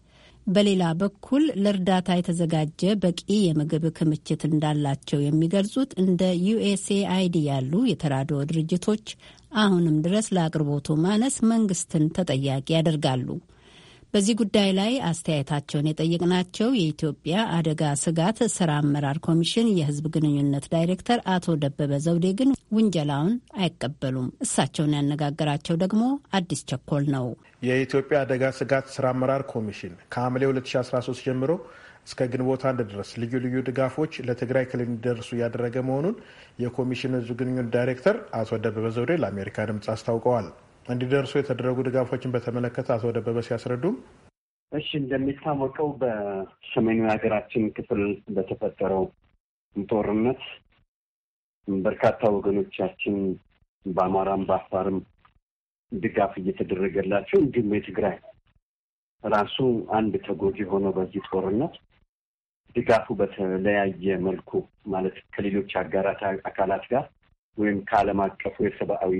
በሌላ በኩል ለእርዳታ የተዘጋጀ በቂ የምግብ ክምችት እንዳላቸው የሚገልጹት እንደ ዩኤስኤአይዲ ያሉ የተራድኦ ድርጅቶች አሁንም ድረስ ለአቅርቦቱ ማነስ መንግስትን ተጠያቂ ያደርጋሉ። በዚህ ጉዳይ ላይ አስተያየታቸውን የጠየቅናቸው የኢትዮጵያ አደጋ ስጋት ስራ አመራር ኮሚሽን የህዝብ ግንኙነት ዳይሬክተር አቶ ደበበ ዘውዴ ግን ውንጀላውን አይቀበሉም። እሳቸውን ያነጋገራቸው ደግሞ አዲስ ቸኮል ነው። የኢትዮጵያ አደጋ ስጋት ስራ አመራር ኮሚሽን ከሐምሌ 2013 ጀምሮ እስከ ግንቦት አንድ ድረስ ልዩ ልዩ ድጋፎች ለትግራይ ክልል እንዲደርሱ እያደረገ መሆኑን የኮሚሽን ህዝብ ግንኙነት ዳይሬክተር አቶ ደበበ ዘውዴ ለአሜሪካ ድምፅ አስታውቀዋል። እንዲደርሱ የተደረጉ ድጋፎችን በተመለከተ አቶ ደበበ ሲያስረዱም እሺ፣ እንደሚታወቀው በሰሜኑ የሀገራችን ክፍል በተፈጠረው ጦርነት በርካታ ወገኖቻችን በአማራም በአፋርም ድጋፍ እየተደረገላቸው እንዲሁም የትግራይ ራሱ አንድ ተጎጂ ሆኖ በዚህ ጦርነት ድጋፉ በተለያየ መልኩ ማለት ከሌሎች አጋራት አካላት ጋር ወይም ከዓለም አቀፉ የሰብአዊ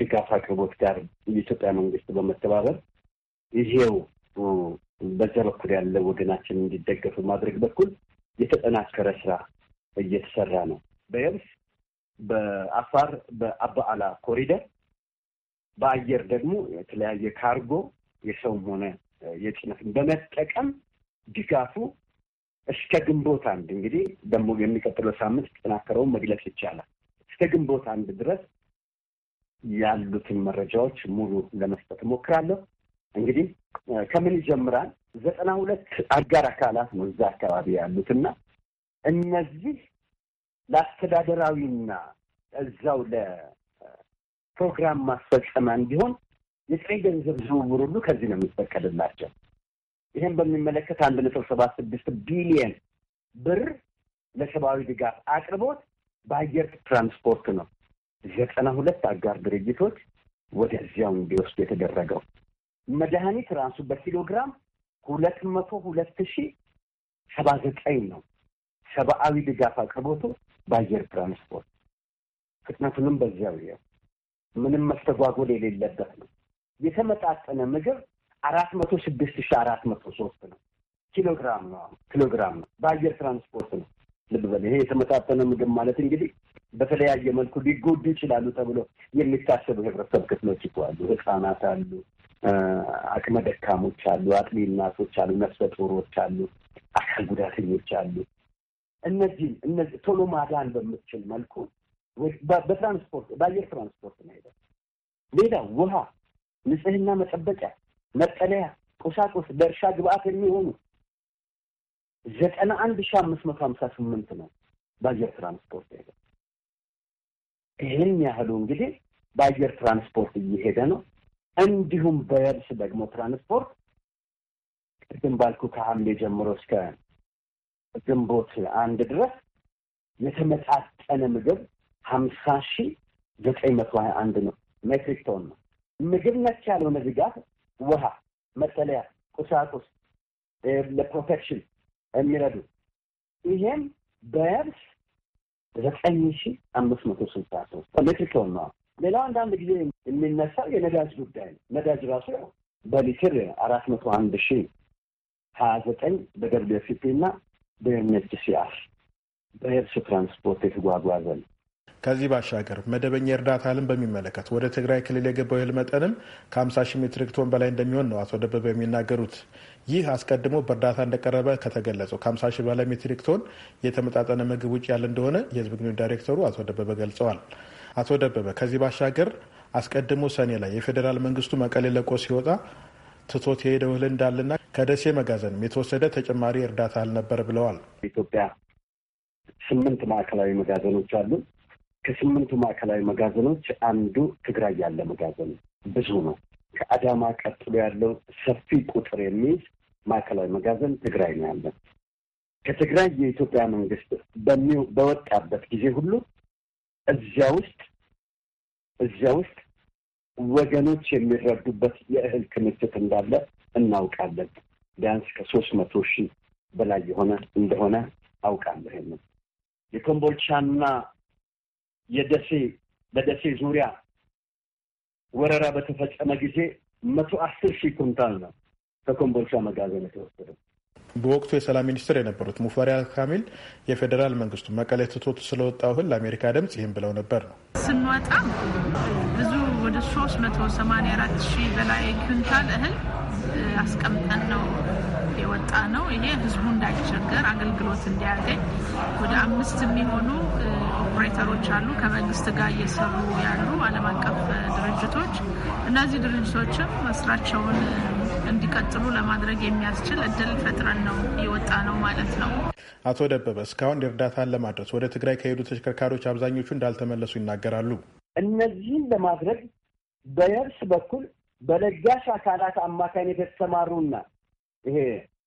ድጋፍ አቅርቦት ጋር የኢትዮጵያ መንግስት በመተባበር ይሄው በዛ በኩል ያለ ወገናችን እንዲደገፍ በማድረግ በኩል የተጠናከረ ስራ እየተሰራ ነው። በየብስ በአፋር በአባአላ ኮሪደር በአየር ደግሞ የተለያየ ካርጎ የሰውም ሆነ የጭነትን በመጠቀም ድጋፉ እስከ ግንቦት አንድ እንግዲህ ደግሞ የሚቀጥለው ሳምንት ተጠናከረውን መግለጽ ይቻላል። እስከ ግንቦት አንድ ድረስ ያሉትን መረጃዎች ሙሉ ለመስጠት እሞክራለሁ። እንግዲህ ከምን ይጀምራል? ዘጠና ሁለት አጋር አካላት ነው እዛ አካባቢ ያሉትና እነዚህ ለአስተዳደራዊና እዛው ለፕሮግራም ማስፈጸሚያ እንዲሆን የጥሬ ገንዘብ ዝውውር ሁሉ ከዚህ ነው የሚፈቀድላቸው። ይህን በሚመለከት አንድ ነጥብ ሰባት ስድስት ቢሊየን ብር ለሰብአዊ ድጋፍ አቅርቦት በአየር ትራንስፖርት ነው ዘጠና ሁለት አጋር ድርጅቶች ወደዚያው እንዲወስዱ የተደረገው። መድኃኒት ራሱ በኪሎግራም ሁለት መቶ ሁለት ሺ ሰባ ዘጠኝ ነው። ሰብአዊ ድጋፍ አቅርቦቱ በአየር ትራንስፖርት ፍጥነቱንም በዚያው ምንም መስተጓጎል የሌለበት ነው። የተመጣጠነ ምግብ አራት መቶ ስድስት ሺ አራት መቶ ሶስት ነው ኪሎግራም ነው ኪሎግራም ነው በአየር ትራንስፖርት ነው። ልብ በል ይሄ የተመጣጠነ ምግብ ማለት እንግዲህ በተለያየ መልኩ ሊጎዱ ይችላሉ ተብሎ የሚታሰቡ የህብረተሰብ ክፍሎች እኮ አሉ። ህጻናት አሉ፣ አቅመ ደካሞች አሉ፣ አጥቢ እናቶች አሉ፣ ነፍሰ ጡሮች አሉ፣ አካል ጉዳተኞች አሉ። እነዚህም እነዚህ ቶሎ ማዳን በምትችል መልኩ በትራንስፖርት በአየር ትራንስፖርት ነው ሄደ ሌላ ውሃ፣ ንጽህና መጠበቂያ መጠለያ፣ ቁሳቁስ፣ ለእርሻ ግብአት የሚሆኑ ዘጠና አንድ ሺህ አምስት መቶ ሀምሳ ስምንት ነው በአየር ትራንስፖርት ሄደ። ይህን ያህሉ እንግዲህ በአየር ትራንስፖርት እየሄደ ነው። እንዲሁም በየብስ ደግሞ ትራንስፖርት ቅድም ባልኩ ከሐምሌ ጀምሮ እስከ ግንቦት አንድ ድረስ የተመጣጠነ ምግብ ሀምሳ ሺህ ዘጠኝ መቶ ሀያ አንድ ነው ሜትሪክ ቶን ነው። ምግብ ነክ ያልሆነ ድጋፍ ውሃ፣ መጠለያ፣ ቁሳቁስ ለፕሮቴክሽን የሚረዱ ይሄም በየብስ ዘጠኝ ሺ አምስት መቶ ስልሳ ሶስት ኤሌክትሪክ ሆን ነው። ሌላው አንዳንድ ጊዜ የሚነሳው የነዳጅ ጉዳይ ነው። ነዳጅ ራሱ ያው በሊትር አራት መቶ አንድ ሺ ሀያ ዘጠኝ በደብሊው ኤፍ ፒ እና በዩኤንኤችሲአር በየብስ ትራንስፖርት የተጓጓዘ ነው። ከዚህ ባሻገር መደበኛ እርዳታ እህልን በሚመለከት ወደ ትግራይ ክልል የገባው እህል መጠንም ከ50 ሺህ ሜትሪክ ቶን በላይ እንደሚሆን ነው አቶ ደበበ የሚናገሩት። ይህ አስቀድሞ በእርዳታ እንደቀረበ ከተገለጸው ከ50 ሺህ በላይ ሜትሪክ ቶን የተመጣጠነ ምግብ ውጭ ያለ እንደሆነ የህዝብ ግንኙነት ዳይሬክተሩ አቶ ደበበ ገልጸዋል። አቶ ደበበ ከዚህ ባሻገር አስቀድሞ ሰኔ ላይ የፌዴራል መንግስቱ መቀሌ ለቆ ሲወጣ ትቶት የሄደው እህል እንዳለና ከደሴ መጋዘንም የተወሰደ ተጨማሪ እርዳታ አልነበር ነበር ብለዋል። ኢትዮጵያ ስምንት ማዕከላዊ መጋዘኖች አሉ። ከስምንቱ ማዕከላዊ መጋዘኖች አንዱ ትግራይ ያለ መጋዘን ብዙ ነው። ከአዳማ ቀጥሎ ያለው ሰፊ ቁጥር የሚይዝ ማዕከላዊ መጋዘን ትግራይ ነው ያለ። ከትግራይ የኢትዮጵያ መንግስት በወጣበት ጊዜ ሁሉ እዚያ ውስጥ እዚያ ውስጥ ወገኖች የሚረዱበት የእህል ክምችት እንዳለ እናውቃለን። ቢያንስ ከሶስት መቶ ሺህ በላይ የሆነ እንደሆነ አውቃለሁ። የኮምቦልቻና የደሴ በደሴ ዙሪያ ወረራ በተፈጸመ ጊዜ መቶ አስር ሺህ ኩንታል ነው ከኮምቦልቻ መጋዘን የተወሰደው። በወቅቱ የሰላም ሚኒስትር የነበሩት ሙፈሪያ ካሚል የፌዴራል መንግስቱ መቀሌ ትቶት ስለወጣ እህል ለአሜሪካ ድምጽ ይህም ብለው ነበር ነው ስንወጣ ብዙ ወደ ሶስት መቶ አራት ሺህ በላይ ኩንታል እህል አስቀምጠን ነው የወጣ ነው። ይሄ ህዝቡ እንዳይቸገር አገልግሎት እንዲያገኝ ወደ አምስት የሚሆኑ ኦፕሬተሮች አሉ ከመንግስት ጋር እየሰሩ ያሉ ዓለም አቀፍ ድርጅቶች። እነዚህ ድርጅቶችም መስራቸውን እንዲቀጥሉ ለማድረግ የሚያስችል እድል ፈጥረን ነው የወጣ ነው ማለት ነው። አቶ ደበበ እስካሁን እርዳታን ለማድረስ ወደ ትግራይ ከሄዱ ተሽከርካሪዎች አብዛኞቹ እንዳልተመለሱ ይናገራሉ። እነዚህን ለማድረግ በየብስ በኩል በለጋሽ አካላት አማካኝ የተሰማሩና ይሄ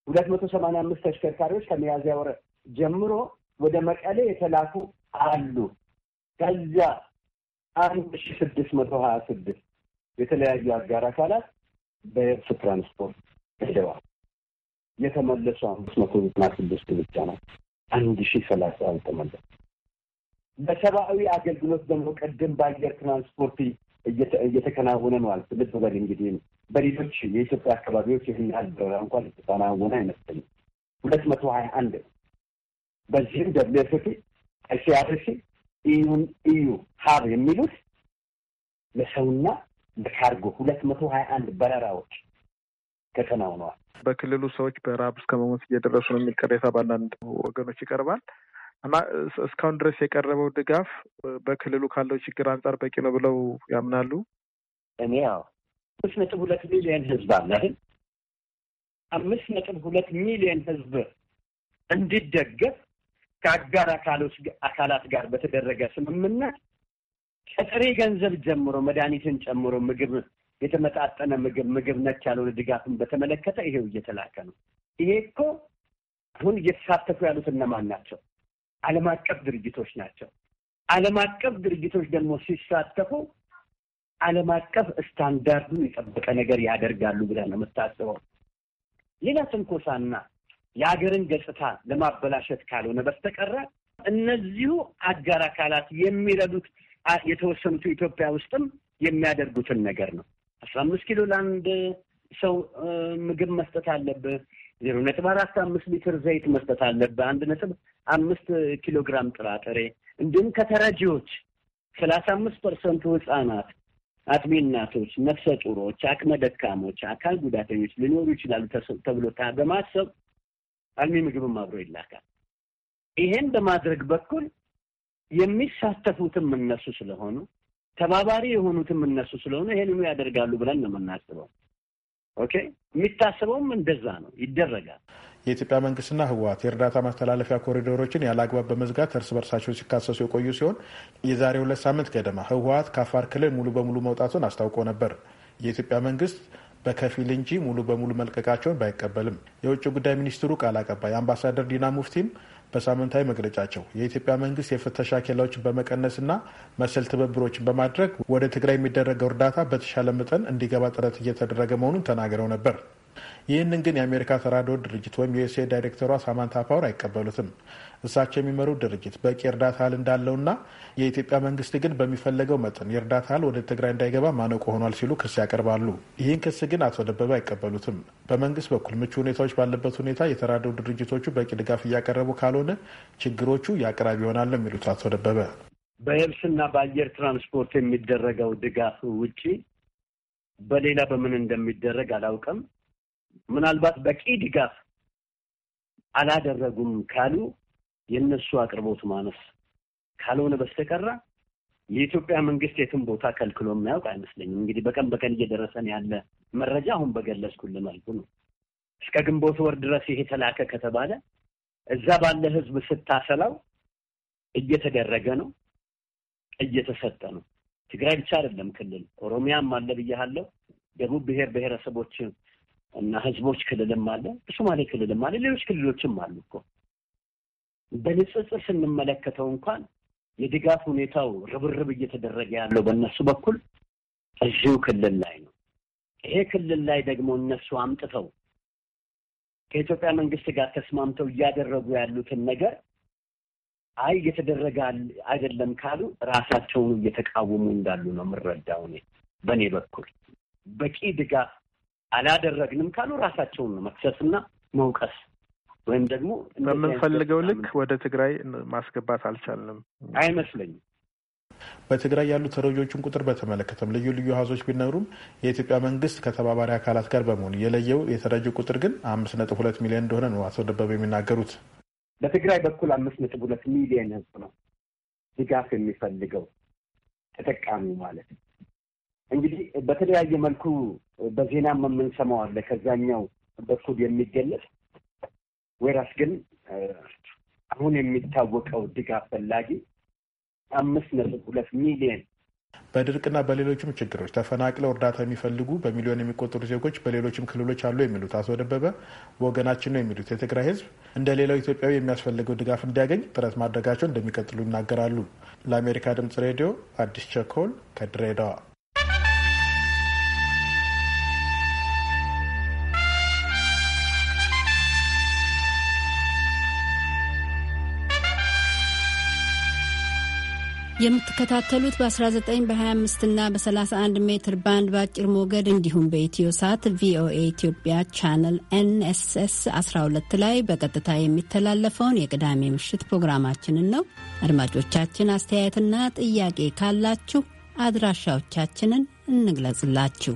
ሁለት መቶ ሰማንያ አምስት ተሽከርካሪዎች ከሚያዝያ ወር ጀምሮ ወደ መቀሌ የተላኩ አሉ። ከዚያ አንድ ሺ ስድስት መቶ ሀያ ስድስት የተለያዩ አጋር አካላት በየብስ ትራንስፖርት ሄደዋል። የተመለሱ አምስት መቶ ዘጠና ስድስት ብቻ ናቸው። አንድ ሺ ሰላሳ አልተመለሱ። በሰብአዊ አገልግሎት ደግሞ ቅድም በአየር ትራንስፖርት እየተከናወነ ነው አለ ልብ በል እንግዲህ በሌሎች የኢትዮጵያ አካባቢዎች ይህን ያህል ደረጃ እንኳን የተከናወነ አይመስለኝም። ሁለት መቶ ሀያ አንድ ነው። በዚህም ደብሊው ኤፍ ፒ፣ አይሲአርሲ ኢዩን ኢዩ ሀብ የሚሉት ለሰውና ለካርጎ ሁለት መቶ ሀያ አንድ በረራዎች ተከናውነዋል። በክልሉ ሰዎች በረሃብ እስከ መሞት እየደረሱ ነው የሚል ቅሬታ በአንዳንድ ወገኖች ይቀርባል። እና እስካሁን ድረስ የቀረበው ድጋፍ በክልሉ ካለው ችግር አንጻር በቂ ነው ብለው ያምናሉ? እኔ ያው አምስት ነጥብ ሁለት ሚሊዮን ህዝብ አለ አምስት ነጥብ ሁለት ሚሊዮን ህዝብ እንዲደገፍ ከአጋር አካላት ጋር በተደረገ ስምምነት ከጥሬ ገንዘብ ጀምሮ መድኃኒትን ጨምሮ ምግብ፣ የተመጣጠነ ምግብ፣ ምግብ ነክ ያልሆነ ድጋፍን በተመለከተ ይሄው እየተላከ ነው። ይሄ እኮ አሁን እየተሳተፉ ያሉት እነማን ናቸው? ዓለም አቀፍ ድርጅቶች ናቸው። ዓለም አቀፍ ድርጅቶች ደግሞ ሲሳተፉ ዓለም አቀፍ ስታንዳርዱ የጠበቀ ነገር ያደርጋሉ ብለን ነው የምታስበው። ሌላ ትንኮሳና የሀገርን ገጽታ ለማበላሸት ካልሆነ በስተቀረ እነዚሁ አጋር አካላት የሚረዱት የተወሰኑት ኢትዮጵያ ውስጥም የሚያደርጉትን ነገር ነው። አስራ አምስት ኪሎ ለአንድ ሰው ምግብ መስጠት አለብህ። ዜሮ ነጥብ አራት አምስት ሊትር ዘይት መስጠት አለብህ። አንድ ነጥብ አምስት ኪሎ ግራም ጥራጥሬ እንዲሁም ከተረጂዎች ሰላሳ አምስት ፐርሰንቱ ህጻናት፣ አጥቢ እናቶች፣ ነፍሰ ጡሮች፣ አቅመ ደካሞች፣ አካል ጉዳተኞች ሊኖሩ ይችላሉ ተብሎ በማሰብ አልሚ ምግብም አብሮ ይላካል። ይሄን በማድረግ በኩል የሚሳተፉትም እነሱ ስለሆኑ ተባባሪ የሆኑትም እነሱ ስለሆኑ ይሄንኑ ያደርጋሉ ብለን ነው የምናስበው። ኦኬ የሚታሰበውም እንደዛ ነው ይደረጋል። የኢትዮጵያ መንግስትና ህወሀት የእርዳታ ማስተላለፊያ ኮሪዶሮችን ያለ አግባብ በመዝጋት እርስ በርሳቸው ሲካሰሱ የቆዩ ሲሆን የዛሬ ሁለት ሳምንት ገደማ ህወሀት ከአፋር ክልል ሙሉ በሙሉ መውጣቱን አስታውቆ ነበር። የኢትዮጵያ መንግስት በከፊል እንጂ ሙሉ በሙሉ መልቀቃቸውን ባይቀበልም የውጭ ጉዳይ ሚኒስትሩ ቃል አቀባይ አምባሳደር ዲና ሙፍቲም በሳምንታዊ መግለጫቸው የኢትዮጵያ መንግስት የፍተሻ ኬላዎችን በመቀነስና መሰል ትብብሮችን በማድረግ ወደ ትግራይ የሚደረገው እርዳታ በተሻለ መጠን እንዲገባ ጥረት እየተደረገ መሆኑን ተናግረው ነበር። ይህንን ግን የአሜሪካ ተራድኦ ድርጅት ወይም ዩኤስኤ ዳይሬክተሯ ሳማንታ ፓወር አይቀበሉትም። እሳቸው የሚመሩ ድርጅት በቂ እርዳታ እህል እንዳለውና የኢትዮጵያ መንግስት ግን በሚፈለገው መጠን የእርዳታ እህል ወደ ትግራይ እንዳይገባ ማነቆ ሆኗል ሲሉ ክስ ያቀርባሉ። ይህን ክስ ግን አቶ ደበበ አይቀበሉትም። በመንግስት በኩል ምቹ ሁኔታዎች ባለበት ሁኔታ የተራደው ድርጅቶቹ በቂ ድጋፍ እያቀረቡ ካልሆነ ችግሮቹ የአቅራቢ ይሆናል የሚሉት አቶ ደበበ በየብስና በአየር ትራንስፖርት የሚደረገው ድጋፍ ውጪ በሌላ በምን እንደሚደረግ አላውቅም። ምናልባት በቂ ድጋፍ አላደረጉም ካሉ የእነሱ አቅርቦት ማነስ ካልሆነ በስተቀራ የኢትዮጵያ መንግስት የትም ቦታ ከልክሎ የማያውቅ አይመስለኝም። እንግዲህ በቀን በቀን እየደረሰን ያለ መረጃ አሁን በገለጽኩል መልኩ ነው። እስከ ግንቦት ወር ድረስ ይሄ ተላከ ከተባለ እዛ ባለ ህዝብ ስታሰላው እየተደረገ ነው፣ እየተሰጠ ነው። ትግራይ ብቻ አይደለም ክልል ኦሮሚያም አለ ብያለሁ። ደቡብ ብሔር ብሔረሰቦች እና ህዝቦች ክልልም አለ፣ በሶማሌ ክልልም አለ፣ ሌሎች ክልሎችም አሉ እኮ በንጽጽር ስንመለከተው እንኳን የድጋፍ ሁኔታው ርብርብ እየተደረገ ያለው በእነሱ በኩል እዚሁ ክልል ላይ ነው። ይሄ ክልል ላይ ደግሞ እነሱ አምጥተው ከኢትዮጵያ መንግስት ጋር ተስማምተው እያደረጉ ያሉትን ነገር አይ እየተደረገ አይደለም ካሉ ራሳቸውን እየተቃወሙ እንዳሉ ነው የምረዳው። እኔ በእኔ በኩል በቂ ድጋፍ አላደረግንም ካሉ ራሳቸውን ነው መክሰስና መውቀስ ወይም ደግሞ በምንፈልገው ልክ ወደ ትግራይ ማስገባት አልቻልንም አይመስለኝም። በትግራይ ያሉ ተረጂዎችን ቁጥር በተመለከተም ልዩ ልዩ አሃዞች ቢነግሩም የኢትዮጵያ መንግስት ከተባባሪ አካላት ጋር በመሆን የለየው የተረጂ ቁጥር ግን አምስት ነጥብ ሁለት ሚሊዮን እንደሆነ ነው አቶ ደበበ የሚናገሩት። በትግራይ በኩል አምስት ነጥብ ሁለት ሚሊዮን ህዝብ ነው ድጋፍ የሚፈልገው ተጠቃሚ ማለት ነው። እንግዲህ በተለያየ መልኩ በዜናም የምንሰማው አለ ከዛኛው በኩል የሚገለጽ ወይራስ ግን አሁን የሚታወቀው ድጋፍ ፈላጊ አምስት ነጥብ ሁለት ሚሊየን በድርቅና በሌሎችም ችግሮች ተፈናቅለው እርዳታ የሚፈልጉ በሚሊዮን የሚቆጠሩ ዜጎች በሌሎችም ክልሎች አሉ የሚሉት አቶ ደበበ ወገናችን ነው የሚሉት የትግራይ ሕዝብ እንደ ሌላው ኢትዮጵያዊ የሚያስፈልገው ድጋፍ እንዲያገኝ ጥረት ማድረጋቸው እንደሚቀጥሉ ይናገራሉ። ለአሜሪካ ድምጽ ሬዲዮ አዲስ ቸኮል ከድሬዳዋ የምትከታተሉት በ19 በ25 እና በ31 ሜትር ባንድ በአጭር ሞገድ እንዲሁም በኢትዮ ሳት ቪኦኤ ኢትዮጵያ ቻነል ኤንኤስኤስ 12 ላይ በቀጥታ የሚተላለፈውን የቅዳሜ ምሽት ፕሮግራማችንን ነው። አድማጮቻችን አስተያየትና ጥያቄ ካላችሁ አድራሻዎቻችንን እንግለጽላችሁ።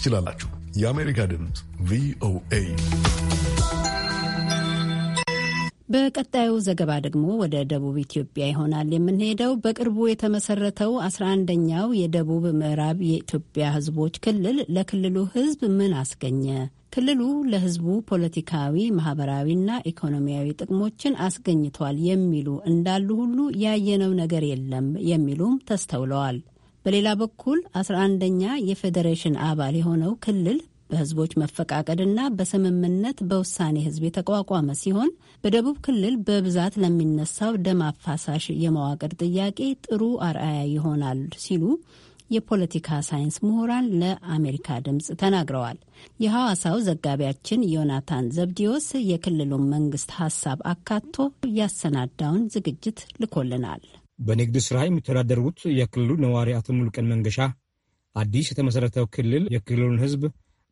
ትችላላችሁ። የአሜሪካ ድምፅ ቪኦኤ። በቀጣዩ ዘገባ ደግሞ ወደ ደቡብ ኢትዮጵያ ይሆናል የምንሄደው። በቅርቡ የተመሰረተው 11ኛው የደቡብ ምዕራብ የኢትዮጵያ ህዝቦች ክልል ለክልሉ ህዝብ ምን አስገኘ? ክልሉ ለህዝቡ ፖለቲካዊ፣ ማህበራዊና ኢኮኖሚያዊ ጥቅሞችን አስገኝቷል የሚሉ እንዳሉ ሁሉ ያየነው ነገር የለም የሚሉም ተስተውለዋል። በሌላ በኩል 11ኛ የፌዴሬሽን አባል የሆነው ክልል በህዝቦች መፈቃቀድና በስምምነት በውሳኔ ህዝብ የተቋቋመ ሲሆን በደቡብ ክልል በብዛት ለሚነሳው ደም አፋሳሽ የመዋቅር ጥያቄ ጥሩ አርአያ ይሆናል ሲሉ የፖለቲካ ሳይንስ ምሁራን ለአሜሪካ ድምፅ ተናግረዋል። የሐዋሳው ዘጋቢያችን ዮናታን ዘብዲዮስ የክልሉን መንግስት ሀሳብ አካቶ ያሰናዳውን ዝግጅት ልኮልናል። በንግድ ስራ የሚተዳደሩት የክልሉ ነዋሪ አቶ ሙሉቀን መንገሻ አዲስ የተመሰረተው ክልል የክልሉን ህዝብ።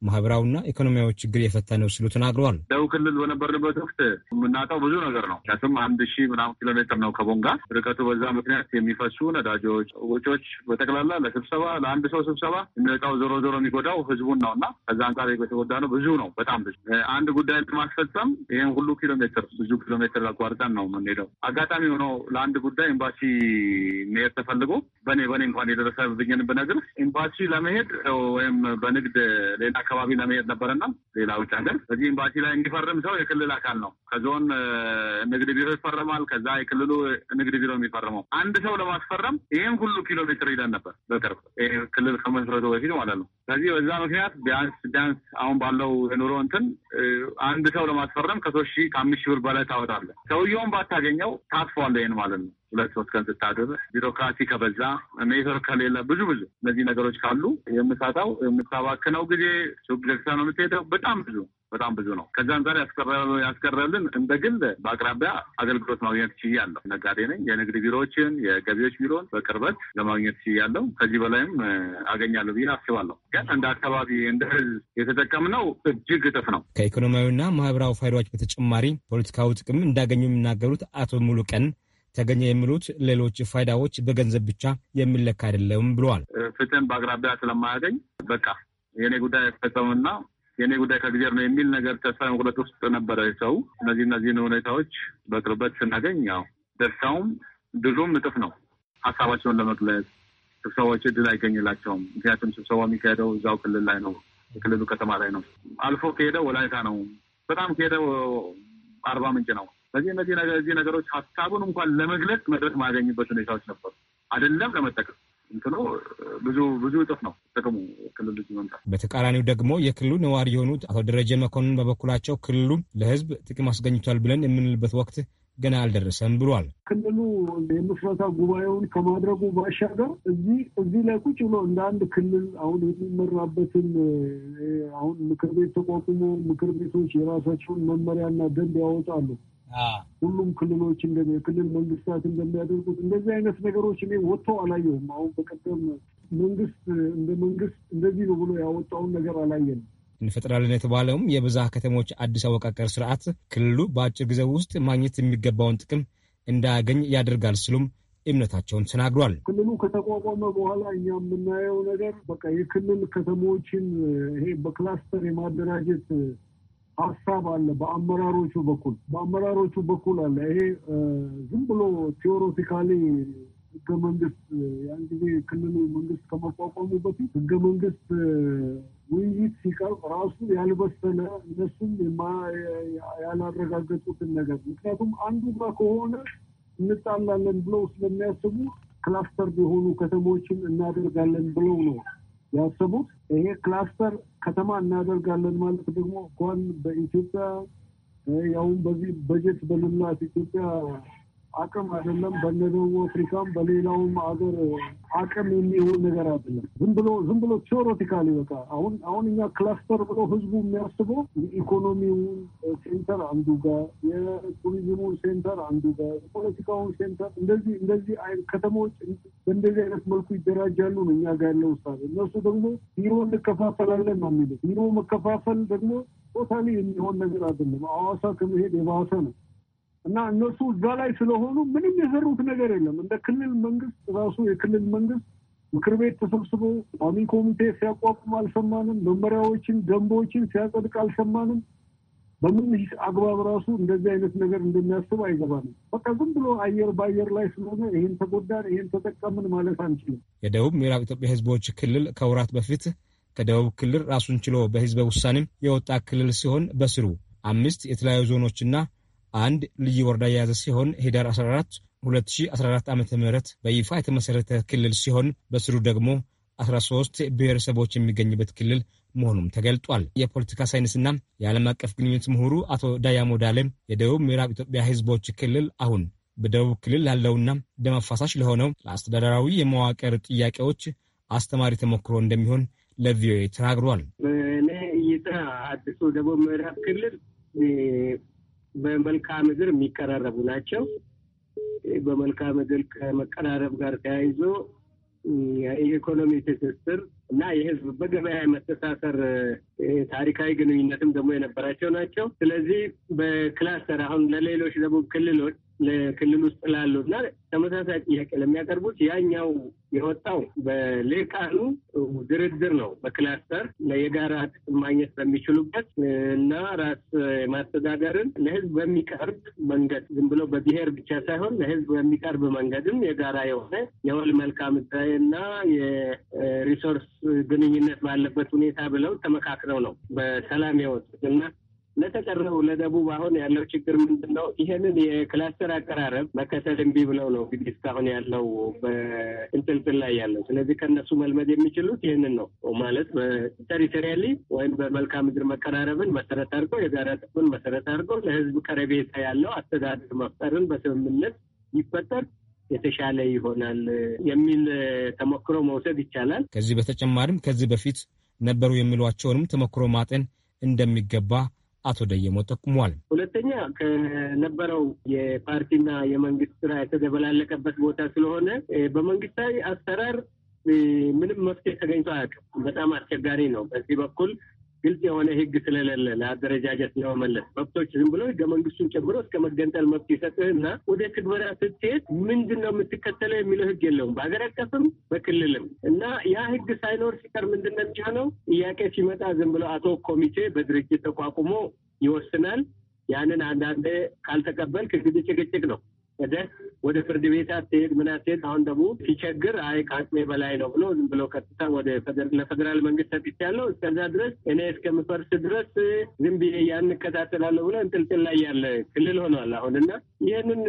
ማህበራዊና ኢኮኖሚያዊ ችግር የፈታ ነው ሲሉ ተናግረዋል። ደቡብ ክልል በነበርንበት ወቅት የምናጣው ብዙ ነገር ነው። ምክንያቱም አንድ ሺህ ምናምን ኪሎ ሜትር ነው ከቦንጋ ርቀቱ። በዛ ምክንያት የሚፈሱ ነዳጆች፣ ወጪዎች በጠቅላላ ለስብሰባ ለአንድ ሰው ስብሰባ የሚወጣው ዞሮ ዞሮ የሚጎዳው ህዝቡን ነው እና ከዛ አንጻር የተጎዳ ነው ብዙ ነው በጣም ብዙ። አንድ ጉዳይ ለማስፈጸም ይህን ሁሉ ኪሎ ሜትር ብዙ ኪሎ ሜትር አቋርጠን ነው የምንሄደው። አጋጣሚ ሆነው ለአንድ ጉዳይ ኤምባሲ መሄድ ተፈልጎ በኔ በኔ እንኳን የደረሰብኝን ብነግር ኤምባሲ ለመሄድ ወይም በንግድ ሌላ አካባቢ ለመሄድ ነበርና ሌላ ውጭ ሀገር በዚህ ኤምባሲ ላይ እንዲፈርም ሰው የክልል አካል ነው። ከዞን ንግድ ቢሮ ይፈርማል። ከዛ የክልሉ ንግድ ቢሮ የሚፈርመው አንድ ሰው ለማስፈረም ይህም ሁሉ ኪሎ ሜትር ይለን ነበር። በቅርብ ክልል ከመስረቱ በፊት ማለት ነው። ስለዚህ በዛ ምክንያት ቢያንስ ቢያንስ አሁን ባለው የኑሮ እንትን አንድ ሰው ለማስፈረም ከሶስት ሺህ ከአምስት ሺህ ብር በላይ ታወጣለህ። ሰውየውን ባታገኘው ታጥፏል። ይህን ማለት ነው ሁለት ሶስት ቀን ስታድር ቢሮክራሲ ከበዛ ኔትወርክ ከሌለ ብዙ ብዙ እነዚህ ነገሮች ካሉ የምሳታው የምታባክነው ጊዜ ሱቅ ነው የምትሄደው። በጣም ብዙ በጣም ብዙ ነው። ከዛን ጋር ያስቀረልን እንደ ግል በአቅራቢያ አገልግሎት ማግኘት ችያለሁ። ነጋዴ ነኝ። የንግድ ቢሮዎችን፣ የገቢዎች ቢሮን በቅርበት ለማግኘት ችያለሁ። ከዚህ በላይም አገኛለሁ ብዬ አስባለሁ። ግን እንደ አካባቢ እንደ ህዝብ የተጠቀምነው እጅግ እጥፍ ነው። ከኢኮኖሚያዊና ማህበራዊ ፋይዳዎች በተጨማሪ ፖለቲካዊ ጥቅም እንዳገኙ የሚናገሩት አቶ ሙሉ ቀን ተገኘ የሚሉት ሌሎች ፋይዳዎች በገንዘብ ብቻ የሚለካ አይደለም ብለዋል። ፍትህን በአቅራቢያ ስለማያገኝ በቃ የኔ ጉዳይ አይፈጸምና የእኔ ጉዳይ ከጊዜር ነው የሚል ነገር ተስፋ መቁረጥ ውስጥ ነበረ ሰው። እነዚህ እነዚህን ሁኔታዎች በቅርበት ስናገኝ ያው ደስታውም ብዙም እጥፍ ነው። ሀሳባቸውን ለመግለጽ ስብሰባዎች እድል አይገኝላቸውም። ምክንያቱም ስብሰባ የሚካሄደው እዛው ክልል ላይ ነው፣ የክልሉ ከተማ ላይ ነው። አልፎ ከሄደው ወላይታ ነው፣ በጣም ከሄደው አርባ ምንጭ ነው። ስለዚህ እነዚህ ነገሮች ሀሳቡን እንኳን ለመግለጽ መድረክ ማያገኝበት ሁኔታዎች ነበሩ። አይደለም ለመጠቀም እንትኑ ብዙ ብዙ እጥፍ ነው ጥቅሙ ክልሉ መምጣት። በተቃራኒው ደግሞ የክልሉ ነዋሪ የሆኑት አቶ ደረጀ መኮንን በበኩላቸው ክልሉ ለሕዝብ ጥቅም አስገኝቷል ብለን የምንልበት ወቅት ገና አልደረሰም ብሏል። ክልሉ የምስረታ ጉባኤውን ከማድረጉ ባሻገር እዚህ እዚህ ላይ ቁጭ ብሎ እንደ አንድ ክልል አሁን የሚመራበትን አሁን ምክር ቤት ተቋቁሞ ምክር ቤቶች የራሳቸውን መመሪያና ደንብ ያወጣሉ። ሁሉም ክልሎች ክልል መንግስታት እንደሚያደርጉት እንደዚህ አይነት ነገሮች እኔ ወጥተው አላየሁም። አሁን በቀደም መንግስት እንደ መንግስት እንደዚህ ነው ብሎ ያወጣውን ነገር አላየንም። እንፈጥራለን የተባለውም የብዝሃ ከተሞች አዲስ አወቃቀር ስርዓት ክልሉ በአጭር ጊዜ ውስጥ ማግኘት የሚገባውን ጥቅም እንዳያገኝ ያደርጋል ሲሉም እምነታቸውን ተናግሯል። ክልሉ ከተቋቋመ በኋላ እኛ የምናየው ነገር በቃ የክልል ከተሞችን ይሄ በክላስተር የማደራጀት ሀሳብ አለ። በአመራሮቹ በኩል በአመራሮቹ በኩል አለ። ይሄ ዝም ብሎ ቴዎሬቲካሊ ህገ መንግስት ያን ጊዜ ክልሉ መንግስት ከመቋቋሙ በፊት ህገ መንግስት ውይይት ሲቀርብ ራሱ ያልበሰለ እነሱም ያላረጋገጡትን ነገር ምክንያቱም አንዱ ጋር ከሆነ እንጣላለን ብለው ስለሚያስቡ ክላስተር የሆኑ ከተሞችን እናደርጋለን ብለው ነው ያሰቡት። ይሄ ክላስተር ከተማ እናደርጋለን ማለት ደግሞ እንኳን በኢትዮጵያ ያውም በዚህ በጀት በሌላት ኢትዮጵያ አቅም አይደለም። በነደቡብ አፍሪካም በሌላውም አገር አቅም የሚሆን ነገር አይደለም። ዝም ብሎ ዝም ብሎ ቴዎሬቲካሊ በቃ አሁን አሁን እኛ ክላስተር ብሎ ህዝቡ የሚያስበው የኢኮኖሚውን ሴንተር አንዱ ጋር፣ የቱሪዝሙን ሴንተር አንዱ ጋር፣ የፖለቲካውን ሴንተር እንደዚህ እንደዚህ ከተሞች በእንደዚህ አይነት መልኩ ይደራጃሉ ነው እኛ ጋር ያለው ሳቢ። እነሱ ደግሞ ቢሮ እንከፋፈላለን ነው የሚሉት። ቢሮ መከፋፈል ደግሞ ቶታሊ የሚሆን ነገር አይደለም። አዋሳ ከመሄድ የባሰ ነው። እና እነሱ እዛ ላይ ስለሆኑ ምንም የሰሩት ነገር የለም። እንደ ክልል መንግስት ራሱ የክልል መንግስት ምክር ቤት ተሰብስቦ ቋሚ ኮሚቴ ሲያቋቁም አልሰማንም። መመሪያዎችን፣ ደንቦችን ሲያጸድቅ አልሰማንም። በምን አግባብ ራሱ እንደዚህ አይነት ነገር እንደሚያስብ አይገባንም። በቃ ዝም ብሎ አየር በአየር ላይ ስለሆነ ይህን ተጎዳን፣ ይህን ተጠቀምን ማለት አንችልም። የደቡብ ምዕራብ ኢትዮጵያ ህዝቦች ክልል ከውራት በፊት ከደቡብ ክልል ራሱን ችሎ በህዝበ ውሳኔም የወጣ ክልል ሲሆን በስሩ አምስት የተለያዩ ዞኖችና አንድ ልዩ ወረዳ የያዘ ሲሆን ሄዳር 14 2014 ዓ ም በይፋ የተመሰረተ ክልል ሲሆን በስሩ ደግሞ 13 ብሔረሰቦች የሚገኝበት ክልል መሆኑም ተገልጧል። የፖለቲካ ሳይንስና የዓለም አቀፍ ግንኙነት ምሁሩ አቶ ዳያሞ ዳሌም የደቡብ ምዕራብ ኢትዮጵያ ህዝቦች ክልል አሁን በደቡብ ክልል ላለውና ደም አፋሳሽ ለሆነው ለአስተዳደራዊ የመዋቅር ጥያቄዎች አስተማሪ ተሞክሮ እንደሚሆን ለቪኦኤ ተናግሯል። እኔ እይታ አዲሱ ደቡብ ምዕራብ ክልል በመልክዓ ምድር የሚቀራረቡ ናቸው። በመልክዓ ምድር ከመቀራረብ ጋር ተያይዞ የኢኮኖሚ ትስስር እና የህዝብ በገበያ መተሳሰር ታሪካዊ ግንኙነትም ደግሞ የነበራቸው ናቸው። ስለዚህ በክላስተር አሁን ለሌሎች ደቡብ ክልሎች ለክልል ውስጥ ላሉ እና ተመሳሳይ ጥያቄ ለሚያቀርቡት ያኛው የወጣው በልሂቃኑ ድርድር ነው። በክላስተር የጋራ ጥቅም ማግኘት በሚችሉበት እና ራስ ማስተዳደርን ለሕዝብ በሚቀርብ መንገድ ዝም ብሎ በብሔር ብቻ ሳይሆን ለሕዝብ በሚቀርብ መንገድም የጋራ የሆነ የወል መልካም እና የሪሶርስ ግንኙነት ባለበት ሁኔታ ብለው ተመካክረው ነው በሰላም የወጡት እና ለተቀረው ለደቡብ አሁን ያለው ችግር ምንድን ነው? ይሄንን የክላስተር አቀራረብ መከተል እምቢ ብለው ነው እንግዲህ እስካሁን ያለው በእንትንትን ላይ ያለው። ስለዚህ ከነሱ መልመድ የሚችሉት ይህንን ነው ማለት በቴሪቶሪያሊ ወይም በመልካም ምድር መቀራረብን መሰረት አድርጎ የጋራ ጥቅምን መሰረት አድርገው ለህዝብ ቀረቤታ ያለው አስተዳደር መፍጠርን በስምምነት ይፈጠር የተሻለ ይሆናል የሚል ተሞክሮ መውሰድ ይቻላል። ከዚህ በተጨማሪም ከዚህ በፊት ነበሩ የሚሏቸውንም ተሞክሮ ማጤን እንደሚገባ አቶ ደየሞ ጠቁሟል። ሁለተኛ ከነበረው የፓርቲና የመንግስት ስራ የተደበላለቀበት ቦታ ስለሆነ በመንግስታዊ አሰራር ምንም መፍትሄ ተገኝቶ አያውቅም። በጣም አስቸጋሪ ነው። በዚህ በኩል ግልጽ የሆነ ህግ ስለሌለ ለአደረጃጀት ለመመለስ መብቶች ዝም ብሎ ህገ መንግስቱን ጨምሮ እስከ መገንጠል መብት ይሰጥህና ወደ ትግበራ ስትሄድ ምንድን ነው የምትከተለው የሚለው ህግ የለውም፣ በሀገር አቀፍም በክልልም እና ያ ህግ ሳይኖር ሲቀር ምንድን ነው የሚሆነው? ጥያቄ ሲመጣ ዝም ብሎ አቶ ኮሚቴ በድርጅት ተቋቁሞ ይወስናል። ያንን አንዳንዴ ካልተቀበልክ እንግዲህ ጭቅጭቅ ነው። ወደ ወደ ፍርድ ቤት አትሄድ ምን አትሄድ። አሁን ደግሞ ሲቸግር አይ ከአቅሜ በላይ ነው ብሎ ዝም ብሎ ቀጥታ ወደ ለፌደራል መንግስት ያለው እስከዛ ድረስ እኔ እስከምፈርስ ድረስ ዝም ብዬ ያንከታተላለሁ ብሎ እንጥልጥል ላይ ያለ ክልል ሆኗል አሁን እና ይህንን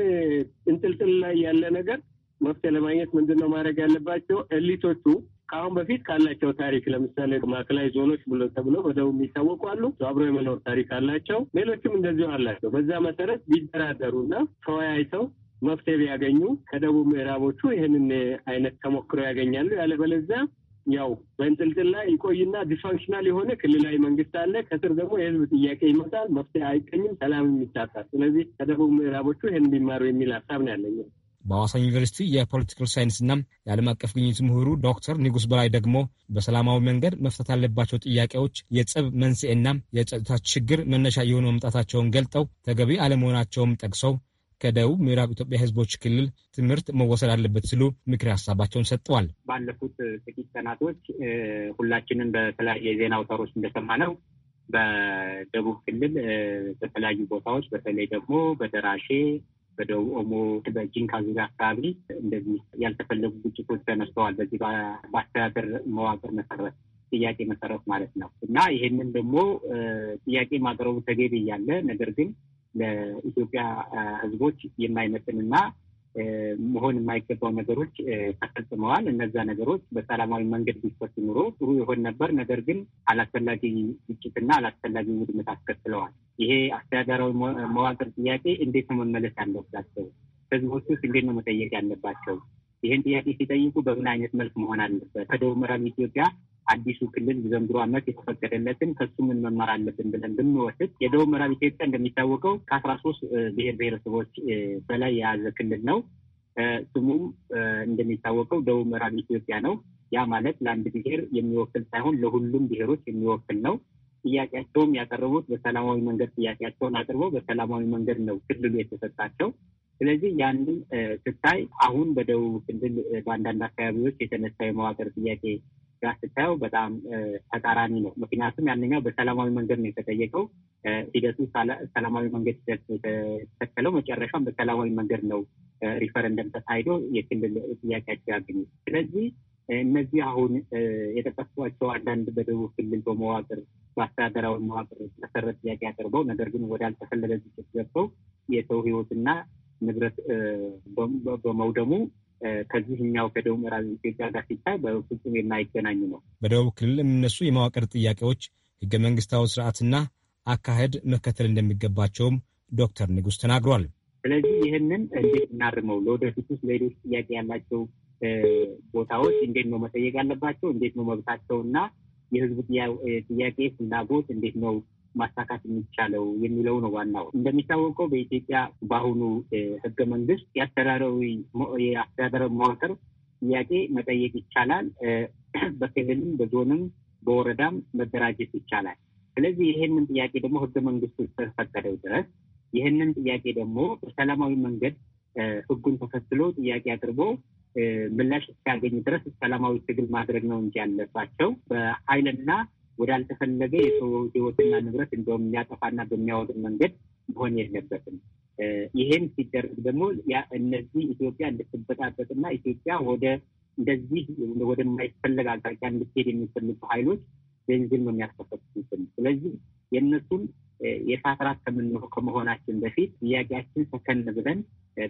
እንጥልጥል ላይ ያለ ነገር መፍትሄ ለማግኘት ምንድን ነው ማድረግ ያለባቸው እሊቶቹ ከአሁን በፊት ካላቸው ታሪክ ለምሳሌ ማዕከላዊ ዞኖች ብሎ ተብሎ በደቡብ የሚታወቁ አሉ። አብሮ የመኖር ታሪክ አላቸው። ሌሎችም እንደዚሁ አላቸው። በዛ መሰረት ቢደራደሩ እና ተወያይተው መፍትሄ ቢያገኙ ከደቡብ ምዕራቦቹ ይህንን አይነት ተሞክሮ ያገኛሉ። ያለበለዚያ ያው በእንጥልጥል ላይ ይቆይና ዲስፋንክሽናል የሆነ ክልላዊ መንግስት አለ። ከስር ደግሞ የህዝብ ጥያቄ ይመጣል፣ መፍትሄ አይገኝም፣ ሰላም ይታጣል። ስለዚህ ከደቡብ ምዕራቦቹ ይህን ቢማሩ የሚል ሀሳብ ነው ያለኝ። በሐዋሳ ዩኒቨርሲቲ የፖለቲካል ሳይንስና የዓለም አቀፍ ግኝት ምሁሩ ዶክተር ንጉስ በላይ ደግሞ በሰላማዊ መንገድ መፍታት ያለባቸው ጥያቄዎች የጸብ መንስኤና የጸጥታ ችግር መነሻ የሆኑ መምጣታቸውን ገልጠው ተገቢ አለመሆናቸውም ጠቅሰው ከደቡብ ምዕራብ ኢትዮጵያ ህዝቦች ክልል ትምህርት መወሰድ አለበት ሲሉ ምክር ሀሳባቸውን ሰጥተዋል። ባለፉት ጥቂት ቀናቶች ሁላችንም በተለያየ የዜና አውታሮች እንደሰማ ነው በደቡብ ክልል በተለያዩ ቦታዎች በተለይ ደግሞ በደራሼ በደቡብ ኦሞ በጂንካ ዙሪያ አካባቢ እንደዚህ ያልተፈለጉ ግጭቶች ተነስተዋል። በዚህ በአስተዳደር መዋቅር መሰረት ጥያቄ መሰረት ማለት ነው እና ይህንን ደግሞ ጥያቄ ማቅረቡ ተገቢ እያለ ነገር ግን ለኢትዮጵያ ሕዝቦች የማይመጥንና መሆን የማይገባው ነገሮች ተፈጽመዋል። እነዛ ነገሮች በሰላማዊ መንገድ ቢፈቱ ኑሮ ጥሩ ይሆን ነበር። ነገር ግን አላስፈላጊ ግጭትና አላስፈላጊ ውድመት አስከትለዋል። ይሄ አስተዳደራዊ መዋቅር ጥያቄ እንዴት ነው መመለስ ያለባቸው? ውስጥ እንዴት ነው መጠየቅ ያለባቸው? ይህን ጥያቄ ሲጠይቁ በምን አይነት መልክ መሆን አለበት? ከደቡብ ምዕራብ ኢትዮጵያ አዲሱ ክልል ዘንድሮ ዓመት የተፈቀደለትን ከሱ ምን መማር አለብን ብለን ብንወስድ የደቡብ ምዕራብ ኢትዮጵያ እንደሚታወቀው ከአስራ ሶስት ብሔር ብሔረሰቦች በላይ የያዘ ክልል ነው። ስሙም እንደሚታወቀው ደቡብ ምዕራብ ኢትዮጵያ ነው። ያ ማለት ለአንድ ብሔር የሚወክል ሳይሆን ለሁሉም ብሔሮች የሚወክል ነው። ጥያቄያቸውም ያቀረቡት በሰላማዊ መንገድ ጥያቄያቸውን አቅርበው በሰላማዊ መንገድ ነው ክልሉ የተሰጣቸው። ስለዚህ ያንን ስታይ አሁን በደቡብ ክልል በአንዳንድ አካባቢዎች የተነሳ የመዋቅር ጥያቄ ጋር ስታየው በጣም ተቃራኒ ነው። ምክንያቱም ያንኛው በሰላማዊ መንገድ ነው የተጠየቀው። ሂደቱ ሰላማዊ መንገድ ሂደት መጨረሻም በሰላማዊ መንገድ ነው ሪፈረንደም ተካሂዶ የክልል ጥያቄያቸው ያገኙ። ስለዚህ እነዚህ አሁን የጠቀስኳቸው አንዳንድ በደቡብ ክልል በመዋቅር በአስተዳደራዊ መዋቅር መሰረት ጥያቄ አቅርበው ነገር ግን ወዳልተፈለገ ግጭት ገብተው የሰው ህይወትና ንብረት በመውደሙ ከዚህኛው ከደቡብ ምዕራብ ኢትዮጵያ ጋር ሲታይ በፍጹም የማይገናኝ ነው። በደቡብ ክልል የሚነሱ የማዋቀር ጥያቄዎች ህገ መንግስታዊ ስርዓትና አካሄድ መከተል እንደሚገባቸውም ዶክተር ንጉስ ተናግሯል። ስለዚህ ይህንን እንዴት እናርመው? ለወደፊቱ ሌሎች ጥያቄ ያላቸው ቦታዎች እንዴት ነው መጠየቅ ያለባቸው? እንዴት ነው መብታቸው እና የህዝቡ ጥያቄ ፍላጎት እንዴት ነው ማሳካት የሚቻለው የሚለው ነው ዋናው። እንደሚታወቀው በኢትዮጵያ በአሁኑ ህገ መንግስት የአስተዳደራዊ የአስተዳደራዊ መዋቅር ጥያቄ መጠየቅ ይቻላል። በክልልም በዞንም በወረዳም መደራጀት ይቻላል። ስለዚህ ይህንን ጥያቄ ደግሞ ህገ መንግስቱ ተፈቀደው ድረስ ይህንን ጥያቄ ደግሞ በሰላማዊ መንገድ ህጉን ተከትሎ ጥያቄ አቅርቦ ምላሽ እስካገኝ ድረስ ሰላማዊ ትግል ማድረግ ነው እንጂ ያለባቸው በኃይልና ወዳልተፈለገ የሰው ህይወትና ንብረት እንደውም ሊያጠፋና በሚያወድም መንገድ መሆን የለበትም። ይሄም ሲደረግ ደግሞ እነዚህ ኢትዮጵያ እንድትበጣበጥና ኢትዮጵያ ወደ እንደዚህ ወደማይፈለግ አቅጣጫ እንድትሄድ የሚፈልጉ ኃይሎች ቤንዚን ነው የሚያስከፈቱት ስለዚህ የእነሱን የሳትራት ከምንሆ ከመሆናችን በፊት ጥያቄያችን ሰከን ብለን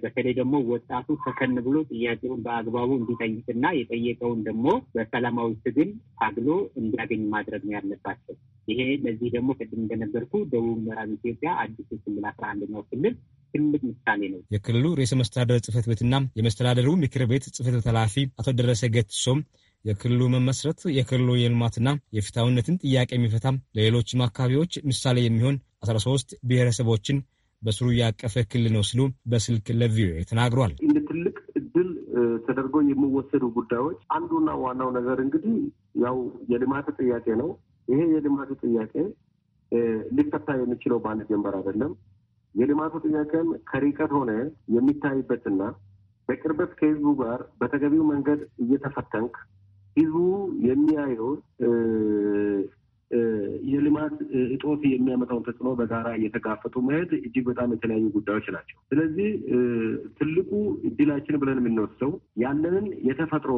በተለይ ደግሞ ወጣቱ ተከን ብሎ ጥያቄውን በአግባቡ እንዲጠይቅና የጠየቀውን ደግሞ በሰላማዊ ትግል ታግሎ እንዲያገኝ ማድረግ ነው ያለባቸው። ይሄ ለዚህ ደግሞ ቅድም እንደነበርኩ ደቡብ ምዕራብ ኢትዮጵያ አዲሱ ክልል አስራ አንደኛው ክልል ትልቅ ምሳሌ ነው። የክልሉ ርዕሰ መስተዳደር ጽህፈት ቤትና የመስተዳደሩ ምክር ቤት ጽህፈት ቤት ኃላፊ አቶ ደረሰ ገትሶም የክልሉ መመስረት የክልሉ የልማትና የፍትሐዊነትን ጥያቄ የሚፈታ ለሌሎችም አካባቢዎች ምሳሌ የሚሆን አስራ ሶስት ብሔረሰቦችን በስሩ ያቀፈ ክልል ነው ሲሉ በስልክ ለቪኦኤ ተናግሯል። እንደ ትልቅ እድል ተደርጎ የሚወሰዱ ጉዳዮች አንዱና ዋናው ነገር እንግዲህ ያው የልማት ጥያቄ ነው። ይሄ የልማቱ ጥያቄ ሊፈታ የሚችለው በአንድ ጀንበር አይደለም። የልማቱ ጥያቄም ከርቀት ሆነ የሚታይበትና በቅርበት ከህዝቡ ጋር በተገቢው መንገድ እየተፈተንክ ህዝቡ የሚያየው የልማት እጦት የሚያመጣውን ተጽዕኖ በጋራ እየተጋፈጡ መሄድ እጅግ በጣም የተለያዩ ጉዳዮች ናቸው። ስለዚህ ትልቁ እድላችን ብለን የምንወስደው ያለንን የተፈጥሮ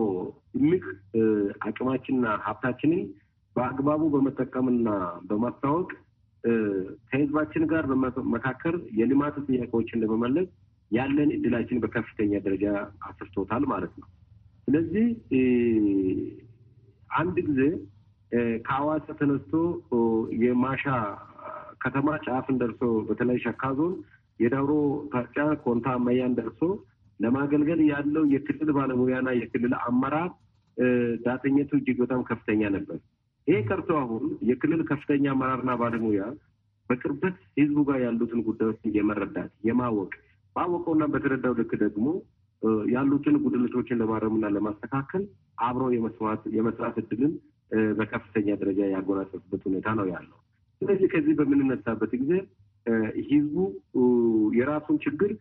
እምቅ አቅማችንና ሀብታችንን በአግባቡ በመጠቀምና በማስታወቅ ከህዝባችን ጋር በመካከል የልማት ጥያቄዎችን ለመመለስ ያለን እድላችን በከፍተኛ ደረጃ አስርቶታል ማለት ነው። ስለዚህ አንድ ጊዜ ከአዋሳ ተነስቶ የማሻ ከተማ ጫፍን ደርሶ በተለይ ሸካ ዞን የዳውሮ ታጫ ኮንታ መያን ደርሶ ለማገልገል ያለው የክልል ባለሙያና የክልል አመራር ዳተኘቱ እጅግ በጣም ከፍተኛ ነበር። ይሄ ቀርቶ አሁን የክልል ከፍተኛ አመራርና ባለሙያ በቅርበት ህዝቡ ጋር ያሉትን ጉዳዮች የመረዳት የማወቅ ባወቀውና በተረዳው ልክ ደግሞ ያሉትን ጉድለቶችን ለማረምና ለማስተካከል አብረው የመስራት እድልን በከፍተኛ ደረጃ ያጎናጸፍበት ሁኔታ ነው ያለው። ስለዚህ ከዚህ በምንነሳበት ጊዜ ህዝቡ የራሱን ችግር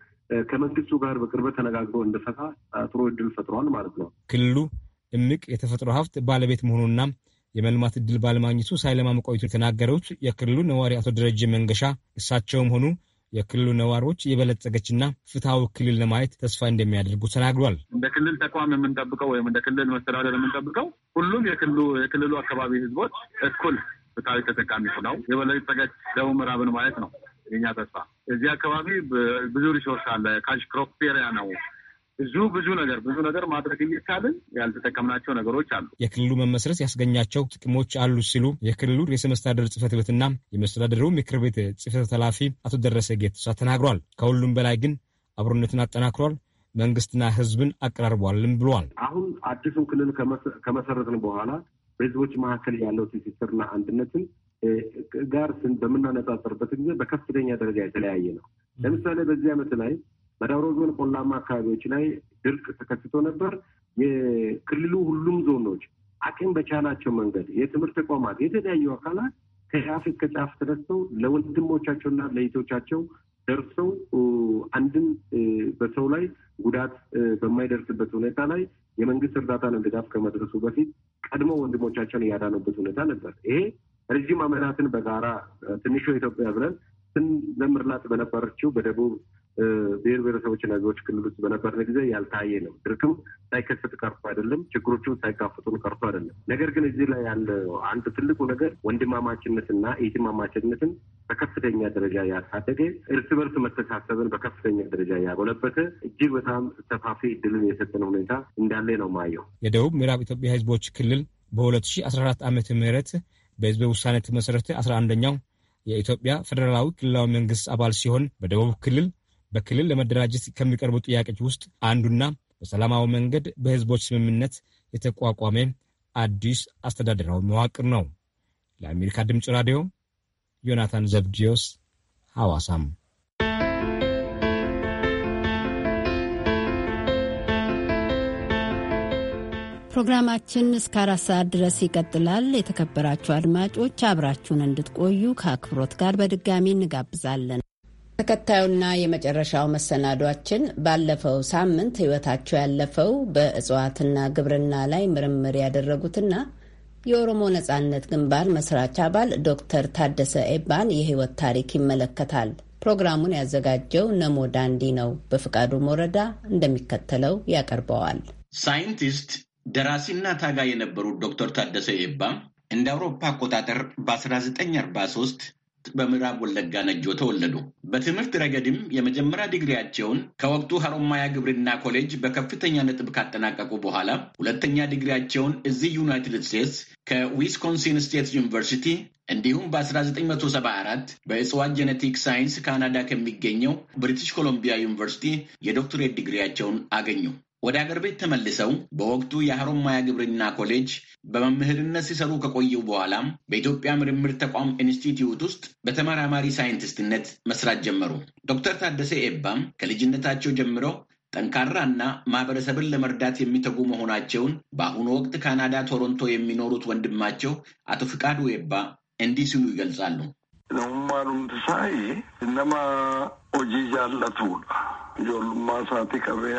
ከመንግስቱ ጋር በቅርበት ተነጋግሮ እንደፈታ ጥሩ እድል ፈጥሯል ማለት ነው። ክልሉ እምቅ የተፈጥሮ ሀብት ባለቤት መሆኑና የመልማት እድል ባለማግኘቱ ሳይለማ መቆየቱ የተናገሩት የክልሉ ነዋሪ አቶ ደረጀ መንገሻ እሳቸውም ሆኑ የክልሉ ነዋሪዎች የበለጸገችና ፍትሐዊ ክልል ለማየት ተስፋ እንደሚያደርጉ ተናግሯል። እንደ ክልል ተቋም የምንጠብቀው ወይም እንደ ክልል መስተዳደር የምንጠብቀው ሁሉም የክልሉ አካባቢ ህዝቦች እኩል ፍትሐዊ ተጠቃሚ ሆነው የበለጸገች ደቡብ ምዕራብን ማየት ነው የኛ ተስፋ። እዚህ አካባቢ ብዙ ሪሶርስ አለ። ካሽ ክሮፕ ኤሪያ ነው ብዙ ብዙ ነገር ብዙ ነገር ማድረግ እየቻልን ያልተጠቀምናቸው ነገሮች አሉ። የክልሉ መመስረት ያስገኛቸው ጥቅሞች አሉ ሲሉ የክልሉ ርዕሰ መስተዳደር ጽህፈት ቤትና የመስተዳደሩ ምክር ቤት ጽህፈት ኃላፊ አቶ ደረሰ ጌትሳ ተናግሯል። ከሁሉም በላይ ግን አብሮነትን አጠናክሯል፣ መንግስትና ህዝብን አቀራርቧልም ብሏል። አሁን አዲሱን ክልል ከመሰረትን በኋላ በህዝቦች መካከል ያለው ትስስርና አንድነትን ጋር በምናነጻጽርበት ጊዜ በከፍተኛ ደረጃ የተለያየ ነው። ለምሳሌ በዚህ ዓመት ላይ በዳውሮ ዞን ቆላማ አካባቢዎች ላይ ድርቅ ተከስቶ ነበር። የክልሉ ሁሉም ዞኖች አቅም በቻላቸው መንገድ የትምህርት ተቋማት፣ የተለያዩ አካላት ከጫፍ እስከ ጫፍ ተደርሰው ለወንድሞቻቸውና ለይቶቻቸው ደርሰው አንድም በሰው ላይ ጉዳት በማይደርስበት ሁኔታ ላይ የመንግስት እርዳታ ድጋፍ ከመድረሱ በፊት ቀድሞ ወንድሞቻቸውን እያዳነበት ሁኔታ ነበር። ይሄ ረዥም ዓመታትን በጋራ ትንሹ ኢትዮጵያ ብለን ስንዘምርላት በነበረችው በደቡብ ብሔር ብሔረሰቦችና ሕዝቦች ክልል ውስጥ በነበርን ጊዜ ያልታየ ነው። ድርቅም ሳይከሰት ቀርቶ አይደለም፣ ችግሮችም ሳይጋፈጡን ቀርቶ አይደለም። ነገር ግን እዚህ ላይ ያለ አንድ ትልቁ ነገር ወንድማማችነትና ኢትማማችነትን በከፍተኛ ደረጃ ያሳደገ እርስ በርስ መተሳሰብን በከፍተኛ ደረጃ ያጎለበተ እጅግ በጣም ሰፋፊ እድልን የሰጠን ሁኔታ እንዳለ ነው ማየው። የደቡብ ምዕራብ ኢትዮጵያ ህዝቦች ክልል በ2014 ዓመተ ምህረት በህዝበ ውሳኔ ተመሰረተ 11ኛው የኢትዮጵያ ፌዴራላዊ ክልላዊ መንግስት አባል ሲሆን በደቡብ ክልል በክልል ለመደራጀት ከሚቀርቡ ጥያቄዎች ውስጥ አንዱና በሰላማዊ መንገድ በህዝቦች ስምምነት የተቋቋመ አዲስ አስተዳደራዊ መዋቅር ነው። ለአሜሪካ ድምፅ ራዲዮ ዮናታን ዘብዲዮስ ሐዋሳም ፕሮግራማችን እስከ አራት ሰዓት ድረስ ይቀጥላል። የተከበራችሁ አድማጮች አብራችሁን እንድትቆዩ ከአክብሮት ጋር በድጋሚ እንጋብዛለን። ተከታዩና የመጨረሻው መሰናዷችን ባለፈው ሳምንት ሕይወታቸው ያለፈው በእጽዋትና ግብርና ላይ ምርምር ያደረጉትና የኦሮሞ ነጻነት ግንባር መስራች አባል ዶክተር ታደሰ ኤባን የሕይወት ታሪክ ይመለከታል። ፕሮግራሙን ያዘጋጀው ነሞ ዳንዲ ነው። በፍቃዱ ሞረዳ እንደሚከተለው ያቀርበዋል። ሳይንቲስት፣ ደራሲና ታጋ የነበሩት ዶክተር ታደሰ ኤባ እንደ አውሮፓ አቆጣጠር በ1943 በምዕራብ ወለጋ ነጆ ተወለዱ። በትምህርት ረገድም የመጀመሪያ ዲግሪያቸውን ከወቅቱ ሀሮማያ ግብርና ኮሌጅ በከፍተኛ ነጥብ ካጠናቀቁ በኋላ ሁለተኛ ዲግሪያቸውን እዚህ ዩናይትድ ስቴትስ ከዊስኮንሲን ስቴት ዩኒቨርሲቲ እንዲሁም በ1974 በእጽዋት ጄኔቲክ ሳይንስ ካናዳ ከሚገኘው ብሪቲሽ ኮሎምቢያ ዩኒቨርሲቲ የዶክትሬት ዲግሪያቸውን አገኙ። ወደ አገር ቤት ተመልሰው በወቅቱ የሀሮማያ ግብርና ኮሌጅ በመምህርነት ሲሰሩ ከቆዩ በኋላም በኢትዮጵያ ምርምር ተቋም ኢንስቲትዩት ውስጥ በተመራማሪ ሳይንቲስትነት መስራት ጀመሩ። ዶክተር ታደሰ ኤባም ከልጅነታቸው ጠንካራ ጠንካራና ማህበረሰብን ለመርዳት የሚተጉ መሆናቸውን በአሁኑ ወቅት ካናዳ ቶሮንቶ የሚኖሩት ወንድማቸው አቶ ፍቃዱ ኤባ እንዲህ ሲሉ ይገልጻሉ። Namummaadhumtisaa nama hojii jaallatudha. Ijoollummaa isaatii qabee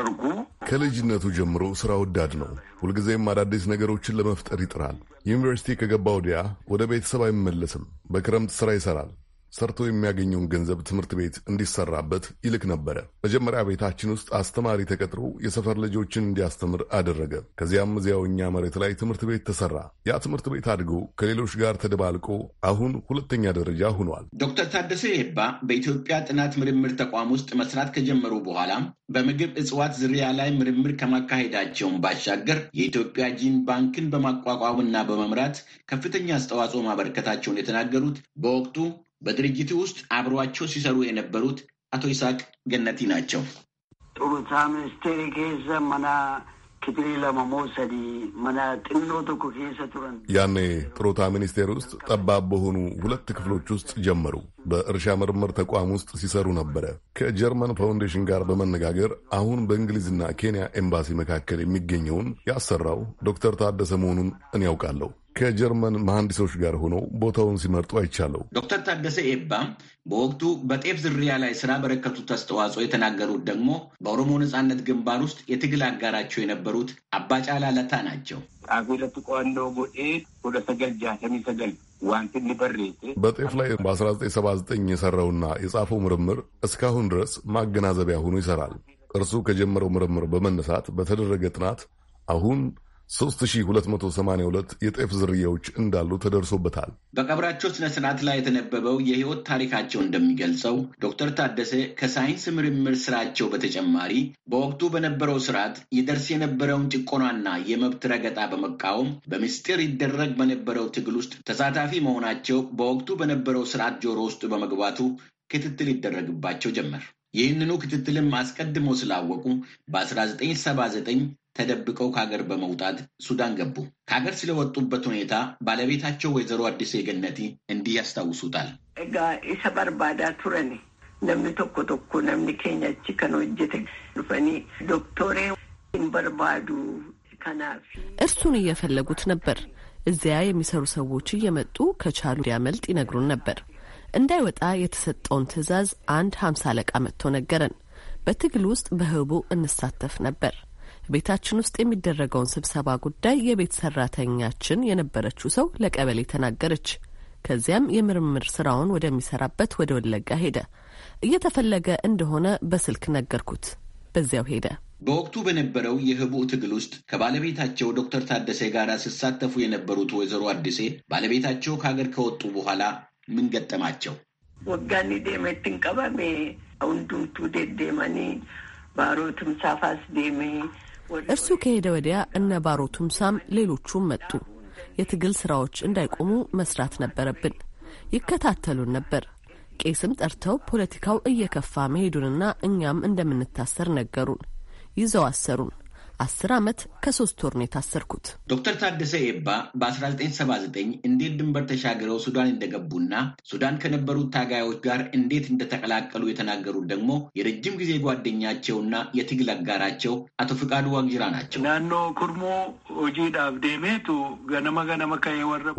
argu. ከልጅነቱ ጀምሮ ስራ ወዳድ ነው። ሁልጊዜም አዳዲስ ነገሮችን ለመፍጠር ይጥራል። ዩኒቨርሲቲ ከገባ ወዲያ ወደ ቤተሰብ አይመለስም። በክረምት ስራ ይሰራል። ሰርቶ የሚያገኘውን ገንዘብ ትምህርት ቤት እንዲሰራበት ይልክ ነበረ። መጀመሪያ ቤታችን ውስጥ አስተማሪ ተቀጥሮ የሰፈር ልጆችን እንዲያስተምር አደረገ። ከዚያም እዚያው እኛ መሬት ላይ ትምህርት ቤት ተሰራ። ያ ትምህርት ቤት አድጎ ከሌሎች ጋር ተደባልቆ አሁን ሁለተኛ ደረጃ ሆኗል። ዶክተር ታደሰ ይሄባ በኢትዮጵያ ጥናት ምርምር ተቋም ውስጥ መስራት ከጀመሩ በኋላ በምግብ እጽዋት ዝርያ ላይ ምርምር ከማካሄዳቸውን ባሻገር የኢትዮጵያ ጂን ባንክን በማቋቋምና በመምራት ከፍተኛ አስተዋጽኦ ማበረከታቸውን የተናገሩት በወቅቱ በድርጅቱ ውስጥ አብሯቸው ሲሰሩ የነበሩት አቶ ይስሐቅ ገነቲ ናቸው። ጡሩሳ ሚኒስቴር ኬሰ መና ለመመውሰድ መና ጥኖ ቱረን ያኔ ጥሮታ ሚኒስቴር ውስጥ ጠባብ በሆኑ ሁለት ክፍሎች ውስጥ ጀመሩ። በእርሻ ምርምር ተቋም ውስጥ ሲሰሩ ነበረ። ከጀርመን ፋውንዴሽን ጋር በመነጋገር አሁን በእንግሊዝና ኬንያ ኤምባሲ መካከል የሚገኘውን ያሰራው ዶክተር ታደሰ መሆኑን እኔ ያውቃለሁ። ከጀርመን መሐንዲሶች ጋር ሆነው ቦታውን ሲመርጡ አይቻለው። ዶክተር ታደሰ ኤባም በወቅቱ በጤፍ ዝርያ ላይ ስራ በረከቱት አስተዋጽኦ የተናገሩት ደግሞ በኦሮሞ ነጻነት ግንባር ውስጥ የትግል አጋራቸው የነበሩት አባጫላ ለታ ናቸው። በጤፍ ላይ በ1979 የሰራውና የጻፈው ምርምር እስካሁን ድረስ ማገናዘቢያ ሆኖ ይሰራል። እርሱ ከጀመረው ምርምር በመነሳት በተደረገ ጥናት አሁን 3282 የጤፍ ዝርያዎች እንዳሉ ተደርሶበታል። በቀብራቸው ስነ ስርዓት ላይ የተነበበው የህይወት ታሪካቸው እንደሚገልጸው ዶክተር ታደሰ ከሳይንስ ምርምር ስራቸው በተጨማሪ በወቅቱ በነበረው ስርዓት ይደርስ የነበረውን ጭቆናና የመብት ረገጣ በመቃወም በምስጢር ይደረግ በነበረው ትግል ውስጥ ተሳታፊ መሆናቸው በወቅቱ በነበረው ስርዓት ጆሮ ውስጥ በመግባቱ ክትትል ይደረግባቸው ጀመር። ይህንኑ ክትትልም አስቀድሞ ስላወቁ በ1979 ተደብቀው ከሀገር በመውጣት ሱዳን ገቡ። ከሀገር ስለወጡበት ሁኔታ ባለቤታቸው ወይዘሮ አዲስ የገነቲ እንዲህ ያስታውሱታል። ጋ ቱረኒ ነምኒ ቶኮ ቶኮ ነምኒ ኬኛቺ ከነ ዱፈኒ ዶክቶሬ ኢንበርባዱ ከናፊ እርሱን እየፈለጉት ነበር። እዚያ የሚሰሩ ሰዎች እየመጡ ከቻሉ ሊያመልጥ ይነግሩን ነበር። እንዳይወጣ የተሰጠውን ትዕዛዝ አንድ ሀምሳ አለቃ መጥቶ ነገረን። በትግል ውስጥ በህቡ እንሳተፍ ነበር። ቤታችን ውስጥ የሚደረገውን ስብሰባ ጉዳይ የቤት ሰራተኛችን የነበረችው ሰው ለቀበሌ ተናገረች። ከዚያም የምርምር ስራውን ወደሚሰራበት ወደ ወለጋ ሄደ። እየተፈለገ እንደሆነ በስልክ ነገርኩት። በዚያው ሄደ። በወቅቱ በነበረው የህቡዕ ትግል ውስጥ ከባለቤታቸው ዶክተር ታደሴ ጋር ሲሳተፉ የነበሩት ወይዘሮ አዲሴ ባለቤታቸው ከሀገር ከወጡ በኋላ ምን ገጠማቸው? ወጋኒ ዴሜትን ቀባሜ አውንዱቱ ዴዴመኒ ባሮትም ሳፋስ ዴሜ እርሱ ከሄደ ወዲያ እነ ባሮ ቱምሳም ሌሎቹም መጡ። የትግል ስራዎች እንዳይቆሙ መስራት ነበረብን። ይከታተሉን ነበር። ቄስም ጠርተው ፖለቲካው እየከፋ መሄዱንና እኛም እንደምንታሰር ነገሩን። ይዘው አሰሩን። አስር ዓመት ከሶስት ወር ነው የታሰርኩት። ዶክተር ታደሰ ኤባ በ1979 እንዴት ድንበር ተሻግረው ሱዳን እንደገቡና ሱዳን ከነበሩት ታጋዮች ጋር እንዴት እንደተቀላቀሉ የተናገሩት ደግሞ የረጅም ጊዜ ጓደኛቸውና የትግል አጋራቸው አቶ ፍቃዱ ዋቅጅራ ናቸው። ናኖ ኩርሞ ጂ ዳብዴሜቱ ገነመ ገነመ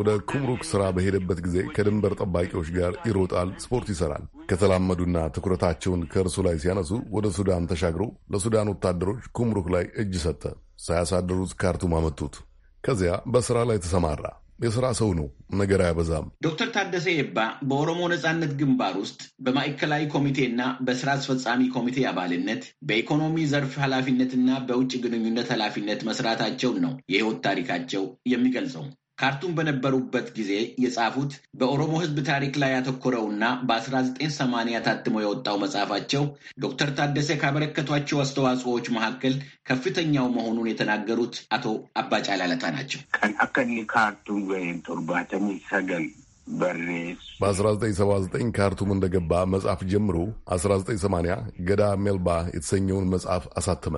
ወደ ኩምሩክ ስራ በሄደበት ጊዜ ከድንበር ጠባቂዎች ጋር ይሮጣል፣ ስፖርት ይሰራል። ከተላመዱና ትኩረታቸውን ከእርሱ ላይ ሲያነሱ ወደ ሱዳን ተሻግሮ ለሱዳን ወታደሮች ኩምሩክ ላይ እጅ ሰጠ። ሳያሳድሩት ካርቱም አመጡት። ከዚያ በስራ ላይ ተሰማራ። የስራ ሰው ነው፣ ነገር አያበዛም። ዶክተር ታደሰ ኤባ በኦሮሞ ነጻነት ግንባር ውስጥ በማዕከላዊ ኮሚቴና በስራ አስፈጻሚ ኮሚቴ አባልነት በኢኮኖሚ ዘርፍ ኃላፊነትና በውጭ ግንኙነት ኃላፊነት መስራታቸውን ነው የህይወት ታሪካቸው የሚገልጸው። ካርቱም በነበሩበት ጊዜ የጻፉት በኦሮሞ ሕዝብ ታሪክ ላይ ያተኮረውና በ1980 ታትሞ የወጣው መጽሐፋቸው ዶክተር ታደሰ ካበረከቷቸው አስተዋጽኦዎች መካከል ከፍተኛው መሆኑን የተናገሩት አቶ አባጫላለታ ለታ ናቸው። ቀን ካርቱም ወይም በ1979 ካርቱም እንደገባ መጽሐፍ ጀምሮ 1980 ገዳ ሜልባ የተሰኘውን መጽሐፍ አሳተመ።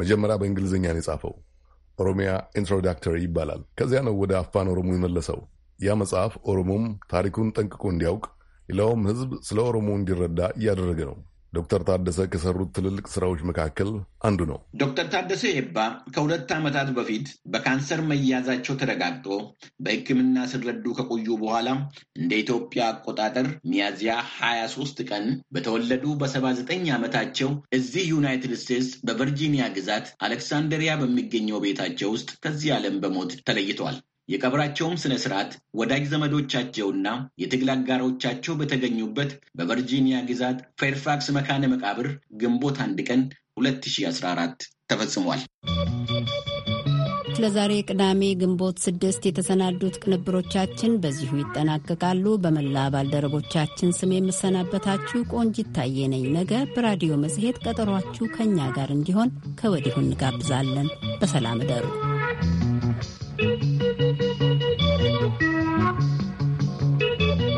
መጀመሪያ በእንግሊዝኛ ነው የጻፈው። ኦሮሚያ ኢንትሮዳክተሪ ይባላል። ከዚያ ነው ወደ አፋን ኦሮሞ የመለሰው። ያ መጽሐፍ ኦሮሞም ታሪኩን ጠንቅቆ እንዲያውቅ፣ ሌላውም ህዝብ ስለ ኦሮሞ እንዲረዳ እያደረገ ነው። ዶክተር ታደሰ ከሰሩት ትልልቅ ስራዎች መካከል አንዱ ነው። ዶክተር ታደሰ ሄባ ከሁለት ዓመታት በፊት በካንሰር መያዛቸው ተረጋግጦ በሕክምና ስረዱ ከቆዩ በኋላ እንደ ኢትዮጵያ አቆጣጠር ሚያዝያ 23 ቀን በተወለዱ በ79 ዓመታቸው እዚህ ዩናይትድ ስቴትስ በቨርጂኒያ ግዛት አሌክሳንደሪያ በሚገኘው ቤታቸው ውስጥ ከዚህ ዓለም በሞት ተለይተዋል። የቀብራቸውም ስነ ስርዓት ወዳጅ ዘመዶቻቸውና የትግል አጋሮቻቸው በተገኙበት በቨርጂኒያ ግዛት ፌርፋክስ መካነ መቃብር ግንቦት አንድ ቀን 2014 ተፈጽሟል። ለዛሬ ቅዳሜ ግንቦት ስድስት የተሰናዱት ቅንብሮቻችን በዚሁ ይጠናቀቃሉ። በመላ ባልደረቦቻችን ስም የምሰናበታችሁ ቆንጅ ታየ ነኝ። ነገ በራዲዮ መጽሔት ቀጠሯችሁ ከእኛ ጋር እንዲሆን ከወዲሁ እንጋብዛለን። በሰላም እደሩ።